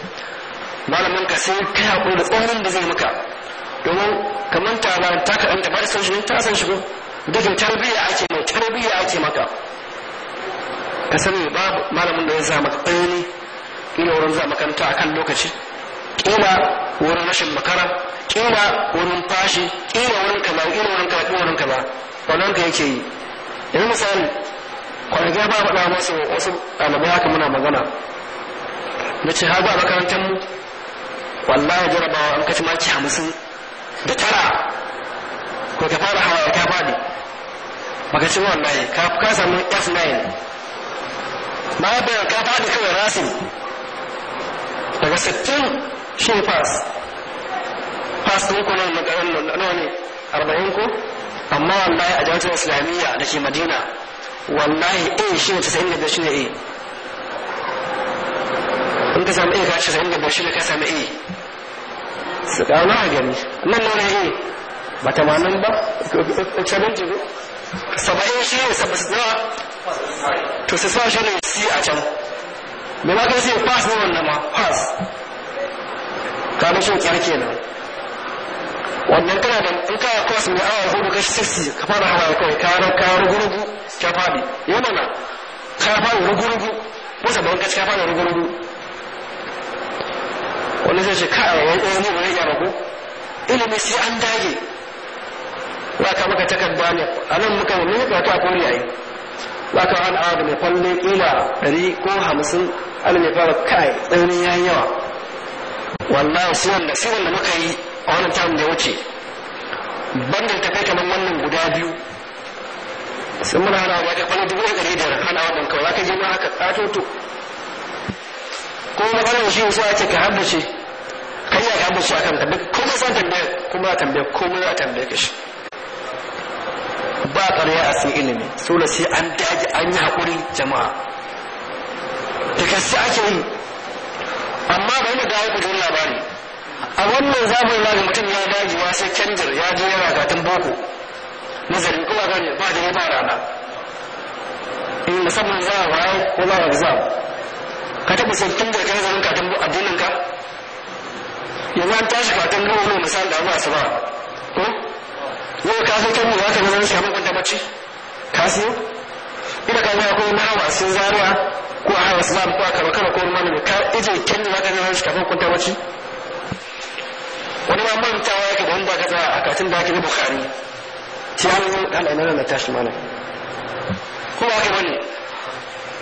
malamin ka sai ka haƙuri da tsayin da zai maka domin kamar ta ba ta ka ta ba da san shi ta san shi ko dukkan tarbiyya ake mai tarbiyya ake maka ka sani babu malamin da ya sa maka tsayin ne wurin za makaranta akan lokaci kuma wurin rashin makara kila wurin fashi kila wurin kaza kila wurin kaza kila wurin kaza wannan ka yake yi yanzu misali kwanaki ba faɗa masu wasu ɗalibai haka muna magana na ce har ba makarantar mu wallahi jarabawa an kaci maki hamsin da tara ko ka fara hawa ka faɗi baka ci wallahi ka ka samu F9 ma bayan ka faɗi kawai rasin daga 60 shi fas fasin ku nan na nawa ne arba'in ku amma wallahi a jami'ar islamiyya da ke madina wallahi a shi ne tasa'in da biyar shi ne a in ka samu a ka tasa'in da biyar shi ne ka samu a su ƙauna a gani nan nawa ne a ba tamanin ba cabin jibi saba'in shi ne saba'in to su sa shi ne si a can bai ma kai sai fas ne wannan ma fas. ka ga shi kyar kenan wannan kana da in ka kwas mai awa hudu ga sassi ka fara hawa kawai ka ran ka rugurugu ka faɗi ya mana ka faɗi rugurugu musa ban ka faɗi rugurugu wani zai ce ka a eh, wani ɗaya mu ya yara ko ilimi sai an dage ba ka maka takarda ne a nan muka yi mun karatu a kori yayi ba ka wani awa da mai kwalle kila ɗari ko hamsin alimi fara kai tsaunin yayi yawa wallahi sai wanda sai wanda muka yi a wannan tamu da wuce banda ta kai kamar wannan guda biyu sun muna hana wajen kwanan dubu da ɗari biyar hana wannan kawai za ka je ma haka ƙatoto ko maganar shi sai a ce ka haddace kai ya haddace akan ka duk kuma san tambayar kuma a tambayar kuma a tambayar ka shi ba ƙarya a sun ilimi dole sai an daji an yi haƙuri jama'a da gaske ake yi amma bari mu dawo ku labari a wannan zamu ma da mutum ya daji ma sai kendir ya je yana gatun boko nazarin kuma gane ba da ba rana in eh, musamman za a bayan ko ba a? ka taɓa sai kendir ka nazarin a addinin ka yanzu an tashi katun boko ne misali da abuwa su ba ko ne ka fi kendir ya ka nazarin shi a makwanta mace ka siyo ina ka zai akwai nawa sun zaruwa ko a hawa su ba mu a karo kama ko wani malami ka ije kendir ya ka nazarin shi kafin kwanta mace wani ma mantawa yake da ka gaza a katin da ake na bukari tiyan ala yi na tashi mana kuma aka bane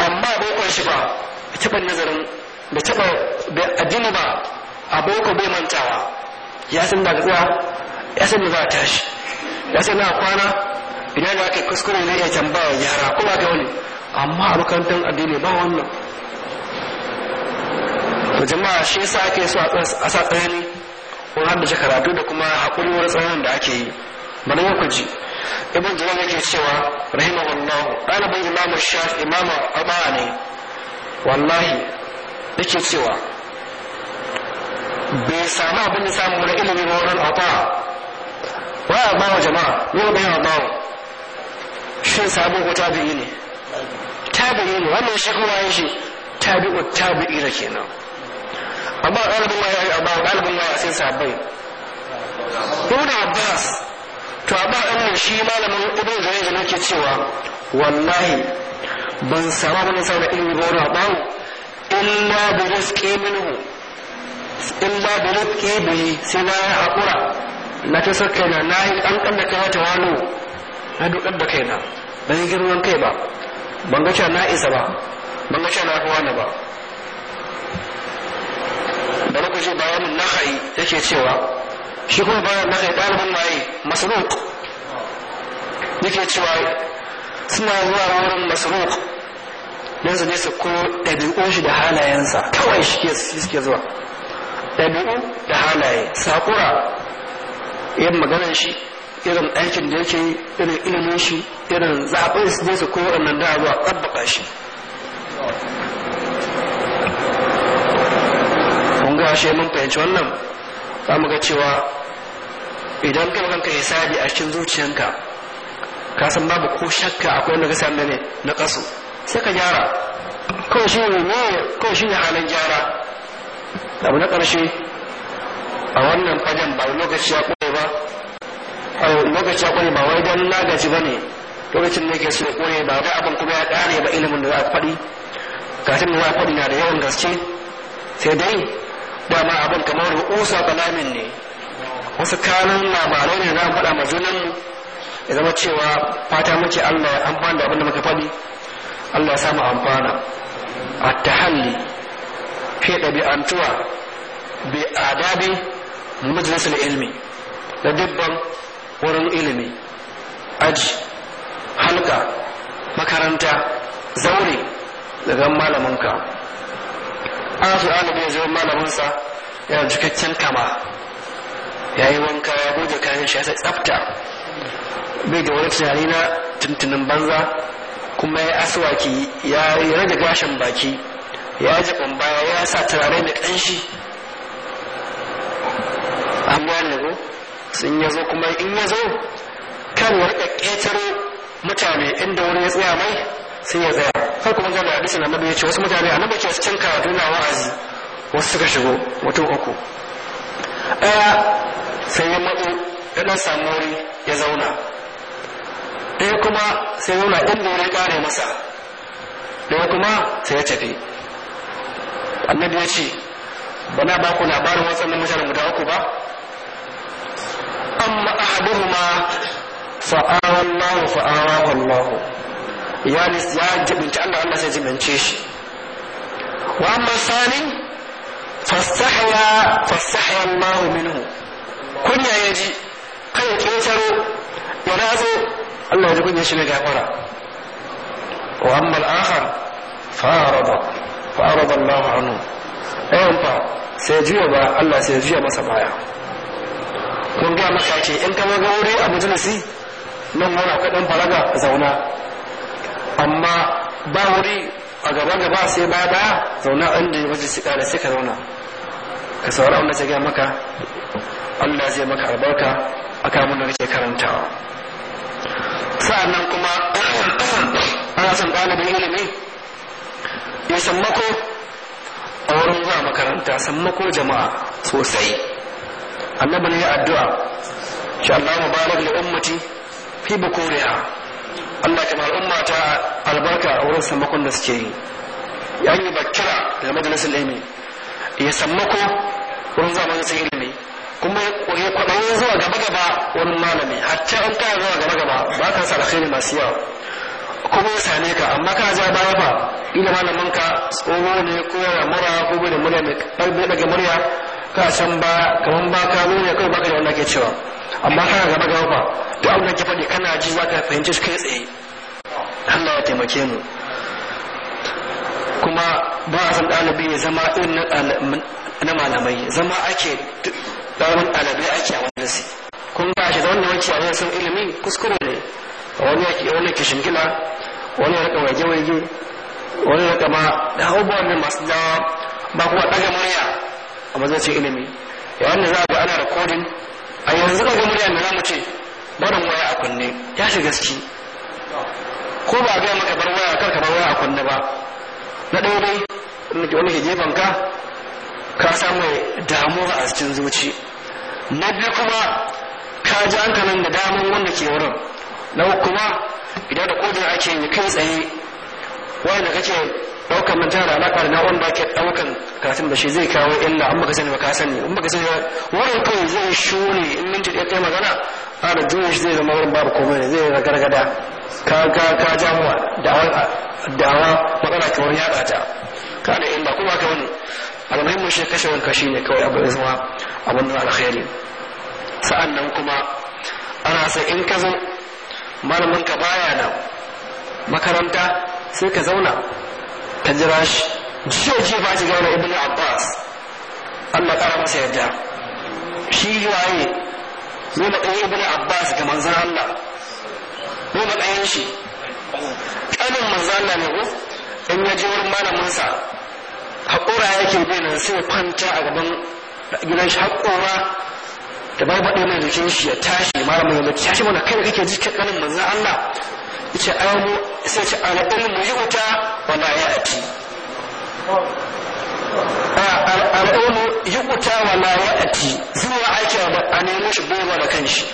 amma bokon shi ba taɓa nazarin da taɓa addini ba a boko bai mantawa ya san da gaza ya san da za a tashi ya san na kwana idan da aka kuskure ne ya tambaya yara kuma aka wani amma a makarantar addini ba wannan jama'a shi yasa ake so a sa tsayani kun haddace karatu da kuma haƙuri wani tsawon da ake yi bari yau ji ibn jarir yake cewa rahimahullahu ɗalibin imamu shaf imamu arba'a ne wallahi yake cewa bai samu abin da samu na ilimin ba wurin ata wa ya bawa jama'a ne ba ya bawa shin sabon ko tabi'i ne tabi'i ne wannan shi kuma shi tabi'u tabi'i kenan amma galibin waya ya ba galibin waya sai sabai ibn abbas to abba ɗan shi malamin ibn zai ne ke cewa wallahi ban samu wani sai da ilmi ba wani abu illa bi rizqi minhu illa bi rizqi bi sai na haƙura na ta saka na na yi kankan da kai ta walo na dukar da kai Na ban girman kai ba ban ga cewa na isa ba ban ga cewa na kowa ba da muka bayan bayanin naha'i yake cewa shi kuma bayan naha'i ɗalibin waye masruq yake cewa suna zuwa wurin masruq don su ne su ko ɗabi'un shi da halayensa kawai shi suke zuwa ɗabi'u da halaye Sakura yin maganar shi irin aikin da yake irin ilimin shi irin zaɓin su ne su ko waɗannan da zuwa ɗabbaƙa shi kashe mun fahimci wannan za mu ga cewa idan kai kanka hisabi a cikin zuciyanka ka san babu ko shakka akwai wanda gasa ne na kasu sai ka gyara kawai shi ne kawai shi ne halin gyara abu na ƙarshe a wannan fagen ba lokaci ya ƙure ba a lokaci ya ƙure ba wai don lagaci ba ne lokacin da ke so ya ba wai abin kuma ya kare ba ilimin da za a faɗi katin da za a faɗi na da yawan gaske sai dai dama abin kamar ru'usa kalamin ne wasu kanun labarai ne za mu faɗa ma mu ya zama cewa fata muke Allah ya amfana da abin da muka faɗi Allah ya samu amfana a tahalli fi ɗabi'antuwa bi adabi majalisar ilmi da dubban wurin ilimi aji halka makaranta zaure daga malaminka ana so ɗalibi ya zama malaminsa yana cikakken kama ya yi wanka ya goge kayan shi ya sai tsafta bai da wani tunani na tuntunin banza kuma ya aswaki ya rage gashin baki ya ji baya ya sa turare mai ƙanshi amma ne ko sun ya zo kuma in ya zo kan wani ƙaƙƙetar mutane inda wani ya tsaya mai sai ya tsaya har kuma gane hadisin annabi ya ce wasu mutane annabi ke wasu can karatu na wa'azi wasu suka shigo wato uku ɗaya sai ya matsu ya ɗan samu wuri ya zauna ɗaya kuma sai ya zauna ɗan ya ƙare masa ɗaya kuma sai ya tafi annabi ya ce ba na ba ku labarin wasannin mutane guda uku ba amma ahaduhuma fa'awa Allah fa'awa Allah ya ya jibinci Allah Allah sai jibince shi wa amma sani fasahya fasahya Allah minhu kunya yaji kai ketaro ya nazo Allah ya kunya shi ne gafara wa amma al-akhar farada farada Allah anhu ayan fa sai juya ba Allah sai juya masa baya kun ga masa ce in ka ga wuri a majalisi nan wani akwai dan faraga zauna amma ba wuri a gaba gaba sai ba da zauna inda waje su kare sai ka zauna ka saurari wanda da gaya maka Allah zai maka albarka a kamun da kake karantawa sa'annan kuma ana son ɗalibin ilimi ya sammako a wurin zuwa makaranta sammako jama'a sosai annabi ne ya addu'a sha Allah mubarak li ummati fi bukuriha Allah ta al'umma ta albarka a wurin sammakon da suke yi ya yi bakira da majalisar ilimi ya sammako wurin zamanin sun ilimi kuma ya kwaɗayi zuwa gaba gaba wani malami hatta in ka zuwa gaba gaba ba ka sa alkhairi masu yawa kuma ya same ka amma ka ja baya ba ina malamin ka tsoho ne ko ya mura ko bai da murya mai daga murya ka san ba kaman ba ka nuna kawai baka da wanda ke cewa amma kana gaba gaba ba duk abin da ke faɗi kana ji za ka fahimci su kai tsaye Allah ya taimake mu kuma ba a san ɗalibi ne zama irin na malamai zama ake ɗalibin ɗalibi ake a wani si kun ba shi zaune wacce a san ilimi kuskure ne wani ya wani ke shingila wani ya rika waje-waje wani ya rika ma da ne masu dawa ba kuma ɗaga murya a ce ilimi yayin da za a ga ana rikodin a yanzu ga gwamnati da za mu ce barin waya a kunne ya shi gaski. ko ba a gaya maka bar waya kar ka bar waya a kunne ba na ɗaya dai wani ke gefen ka ka samu damuwa a cikin zuci na biyu kuma ka ji hankalin da damun wanda ke wurin na kuma idan da kodin ake yi kai tsaye wanda kake ɗaukar nan tana da alaƙa da na'urar da ake ɗaukan kafin da shi zai kawo illa an baka sani ba ka sani in baka sani ba wurin kai zai shure in minti ɗaya kai magana a da juyin shi zai zama wurin babu komai ne zai yi gargada ka ka ka jamuwa da'awa magana kamar ya ɓata ka da in ba kuma ka wani mun shi kashe wani kashi ne kawai abu zama abin da alkhairi sa'an nan kuma ana sai in ka zo malamin ka baya nan makaranta sai ka zauna ka jira shi jiya jiya ba shiga wani ibn abbas allah kara masa yadda shi waye nuna ɗan ibn abbas ga manzan allah nuna ɗayan shi ƙanin manzan allah ne ko in ya je wurin malaminsa haƙura yake benin sai kwanta a gaban gidan shi haƙura da babu ɗaya mai jikin shi ya tashi malamin ya mutu tashi mana kai da kake jikin ƙanin manzan allah ce alu sai ce al ilmu yu'ta wa la ya'ti al ilmu yu'ta wa la ya'ti zuwa aiki a nemi shi goma da shi.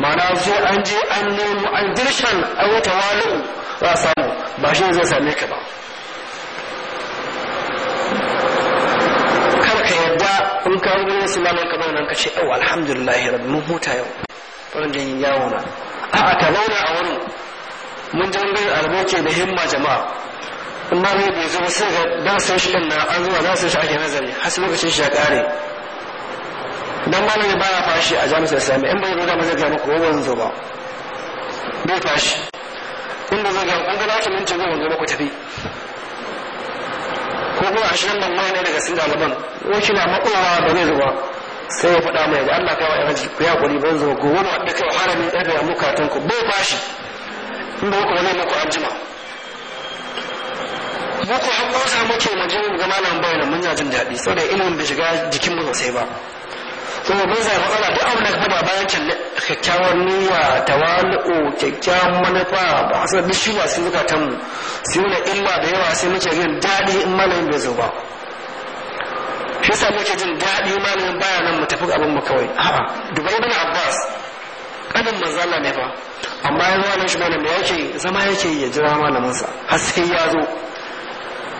ma'ana zo an je an nemo an dirshan a wata wani za a samu ba shi zai same ka ba kar ka yadda in ka wuri su lalai kamar nan ka ce yau alhamdulillah rabbi mun huta yau Wani yin yawo na a'a ka zauna a wurin mun ji wani arabo da himma jama'a in ma bai bai zuba sai ga dan san shi na an zuwa za su shi ake nazari har lokacin shi ya kare dan malami baya fashi a jami'ar sami in bai roga maza ga muku ko wani zo ba bai fashi in da zai ga an ga lati mun ci wanzu zo ku tafi ko kuma ashirin ban ma ne daga sun ɗaliban ko shi na makowa ba zai zuba sai ya faɗa mai ba Allah kawai ya haji ku ya ƙuri ban zo gobe mu da kai harami ɗaga mukatanku bai fashi in ba ku wani muku anjima mu ku har kosa muke mu je mu ga malam bayanan mun jin daɗi saboda ilimin bai shiga jikin mu sosai ba to mun zai matsala duk abin da ka ba bayan can kyakkyawar niyya tawalu kyakkyawan manufa ba a sabbin shi ba sun zukatan mu su yi illa da yawa sai muke jin daɗi in malamin bai zo ba shi sa muke jin daɗi malamin baya nan mu tafi abin mu kawai a'a dubai bin abbas ƙanin manzala ne ba amma ya zama shi malam ya yake zama yake ya jira malaminsa har sai ya zo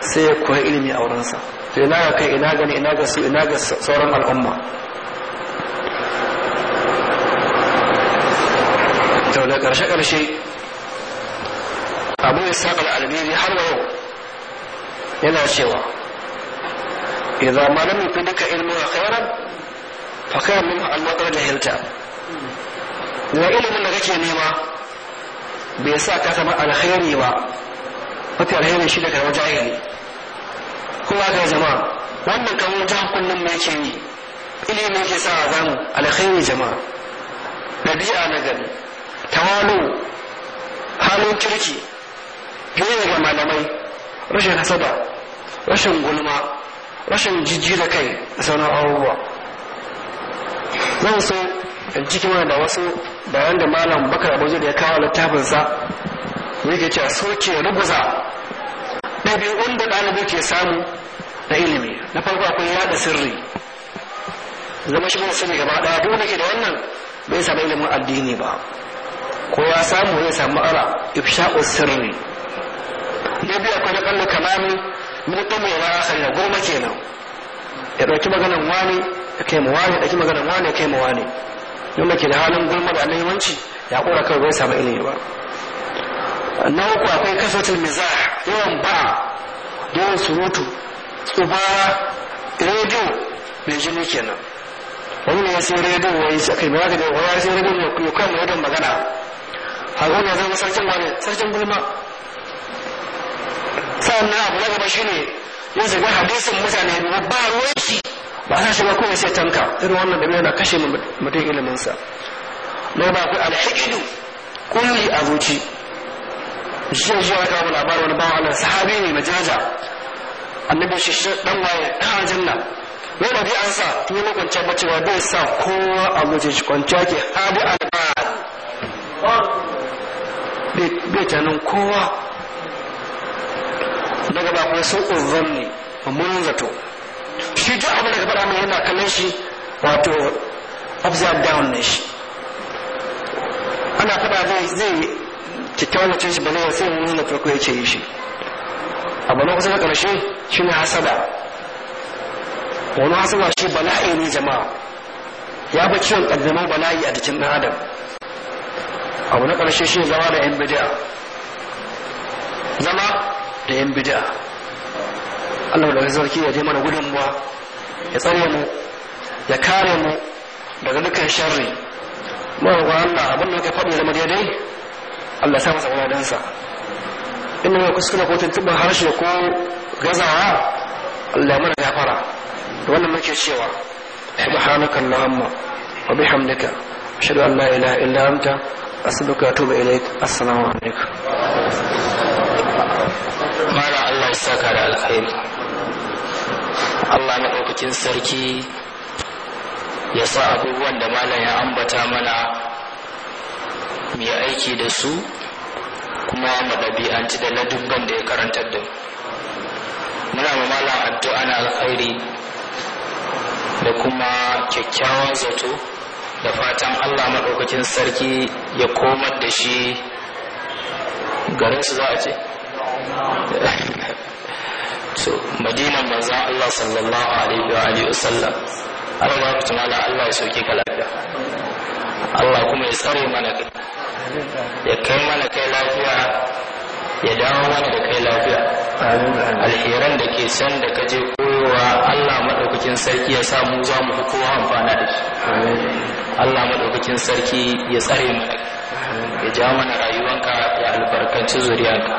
sai ya koyi ilimi a wurinsa to ina ga kai ina gani ina ga su ina ga sauran al'umma to da karshe karshe abu ya saƙa al'almiri har wa yau yana cewa idan malamin fi duka ilmi wa khairan fa khairan min al-wadar da hilta da ilimin da kake nema bai sa ka zama alkhairi ba wata alkhairin shi daga wajen yi kuma ga zama wannan kan wajen kullum mai ke yi ilimi ke sa a zamu alkhairi jama'a biya na gani tawalu halin kirki biyayya ga malamai rashin hasada rashin gulma rashin jijji da kai a sauran abubuwa zan so cikin wani da wasu bayan da malam bakar abuja da ya kawo littafinsa yake cewa soke ruguza ɗabi'un da ɗalibi ke samu na ilimi na farko akwai yada sirri zama shi mai sirri gaba ɗaya duk ke da wannan bai samu ilimin addini ba ko ya samu zai samu ala ifsha'u sirri na biyu akwai na ƙallu kalami mun ɗan mai ra'asar ya goma kenan ya ɗauki maganan wani ya kai mu wani ya ɗauki maganan wani ya kai mu wani don da ke da halin gulma da alaiwanci ya kora kawai bai samu ilimi ba na uku akwai kasatul miza yawan ba mutu surutu ba rediyo mai jini kenan wani ne ya sai rediyo wai kai ba waka da wani ya sai rediyo ya kai mai rediyon magana a gwamna ya zama sarkin wani sarkin gulma na abu na gaba shine yin zaga hadisin mutane ba ruwan shi ba sa shiga kuma sai tanka irin wannan da yana kashe mutum iliminsa na ba ku alhikidu kulli a zuci jiya jiya na kawo labarin wani bawa Allah sahabi ne majaja annabi shi shi dan waye dan aljanna ne da bi ansa to ne kun tabbata cewa bai sa kowa a guje shi kwanciya ke habu alba'ad bai tanin kowa daga ba kuma sun uzanni mun zato shi duk abin da ka faɗa mai yana kallon shi wato upside down ne shi ana faɗa zai zai kyakkyawan mutum shi ba zai sai mun nuna farko ya ce shi abu na kusa na ƙarshe shi ne hasada wani hasada shi bala'i ne jama'a ya ba ciwon ƙaddamar bala'i a jikin ɗan adam abu na ƙarshe shi zama da yan bidiya zama da yan bidiya Allah da sarki ya je mana gudun gudunmuwa ya tsare mu ya kare mu daga dukkan sharri mun ga Allah abin da muka faɗi da daidai Allah ya sa masa wadadansa inda mai kuskure ko tuntuɓin harshe ko gazawa Allah ya mana gafara da wannan muke cewa subhanaka allahumma wa bihamdika ashhadu an la ilaha illa anta astaghfiruka wa atubu ilaik assalamu alaikum mala Allah ya saka da alkhairi Allah maɗaukakin sarki ya sa abubuwan da malam ya ambata mana mu yi aiki da su kuma mu ɗabi'anci da ladubban da ya karantar da muna ma malam addu'a na alkhairi da kuma kyakkyawan zato da fatan Allah maɗaukakin sarki ya komar da shi garinsu za a ce so madinan manzan Allah sallallahu alaihi wa alihi wasallam Allah ya ku tunala Allah ya soke ka lafiya Allah kuma ya tsare mana kai ya kai mana kai lafiya ya dawo mana da kai lafiya alheran da ke san da kaje koyowa Allah madaukakin sarki ya sa mu za mu fi kowa amfana da shi Allah madaukakin sarki ya tsare mana ya ja mana rayuwanka ya albarkaci zuriyanka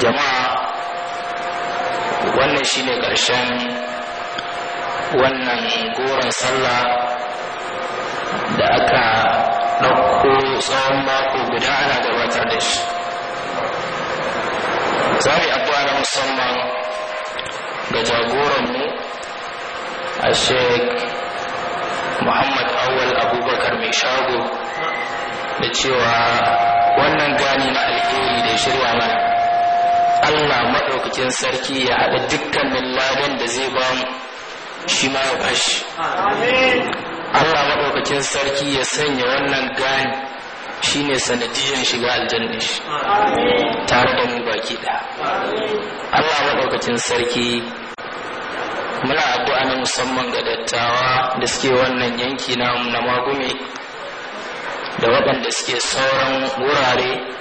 jama'a wannan shi ne ƙarshen wannan goron sallah da aka ɗauko tsawon mako guda ana gabatar da shi Za mu yi abuwa na musamman ga mu a sheik muhammad awal abubakar mai shago da cewa wannan gani na alheri da shirya mana Allah maɗaukakin sarki ya haɗa dukkanin ladan da zai ba mu shi ma ya bashi Allah maɗaukakin sarki ya sanya wannan gani shi ne sanadiyan shiga aljanna shi tare da mu baki da. Allah maɗaukakin sarki muna addu'a na musamman ga dattawa da suke wannan yanki na magume da waɗanda suke sauran wurare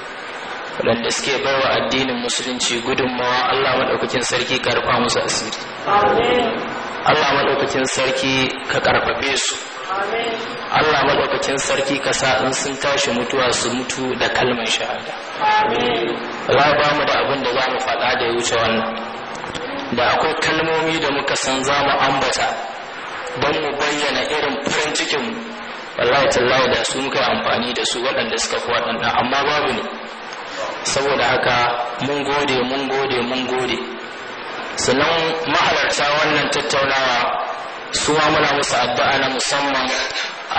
waɗanda suke bai wa addinin musulunci gudunmawa Allah maɗaukakin sarki karfa musu asiri Allah maɗaukakin sarki ka karfafe su Allah maɗaukakin sarki ka sa in sun tashi mutuwa su mutu da kalmar shahada Allah ba mu da abin da za mu faɗa da ya wuce wannan da akwai kalmomi da muka san za mu ambata don mu bayyana irin farin cikinmu wallahi tallahi da su muka amfani da su waɗanda suka fi waɗanda amma babu ne saboda haka mun gode mun gode mun gode sannan mahalarta wannan tattaunawa suwa muna musu addu'a na musamman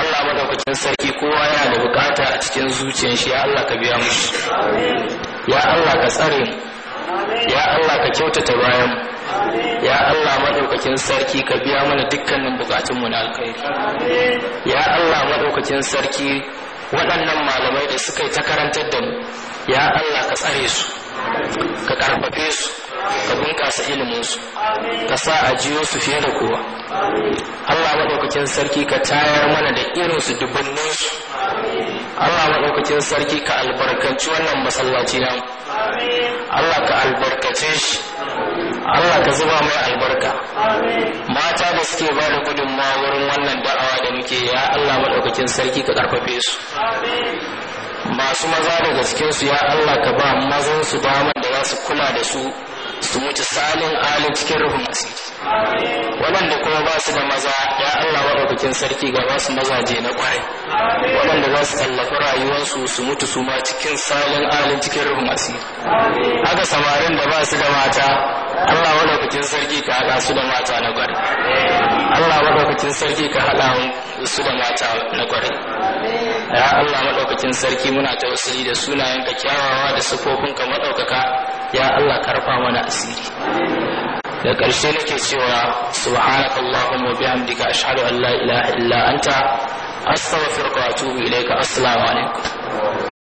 Allah madaukakin sarki kowa yana da bukata a cikin zuciyar shi ya Allah ka biya mushi ya Allah ka tsare mu ya Allah ka kyautata bayan mu ya Allah madaukakin sarki ka biya mana dukkanin bukatunmu na alkhairi ya Allah madaukakin sarki waɗannan malamai da suka yi ta karantar da mu ya Allah ka tsare su ka karfafe su ka bunƙasa iliminsu ka sa a jiyo su fiye da kowa Allah maɗaukakin sarki ka tayar mana da irinsu dubbaninsu. Allah maɗaukakin sarki ka albarkaci wannan masallaci namu Allah ka albarkace shi Allah ka zuba mai albarka mata da suke ba da gudunmawa wurin wannan da'awa da muke ya Allah maɗaukakin sarki ka ƙarfafe su masu maza daga cikinsu ya Allah ka ba mazansu su damar da za su kula da su su wuce salin alin cikin ruhun masiki waɗanda kuma ba su da maza ya Allah waɗaukakin sarki ga ba su mazaje na ƙwarai waɗanda za su tallafi rayuwarsu su mutu su ma cikin salin alin cikin ruhun masiki haka samarin da ba su da mata Allah waɗaukakin sarki ka haɗa su da mata na ƙwarai Allah waɗaukakin sarki ka haɗa su da mata na ƙwarai ya Allah madaukakin sarki muna ta wasuri da sunayenka kyawawa da ka maɗaukaka ya Allah karfa mana asiri da ƙarshe nake cewa subhanaka allahumma bihamdika ashhadu an la ilaha illa anta astaghfiruka wa atubu ilayka assalamu alaikum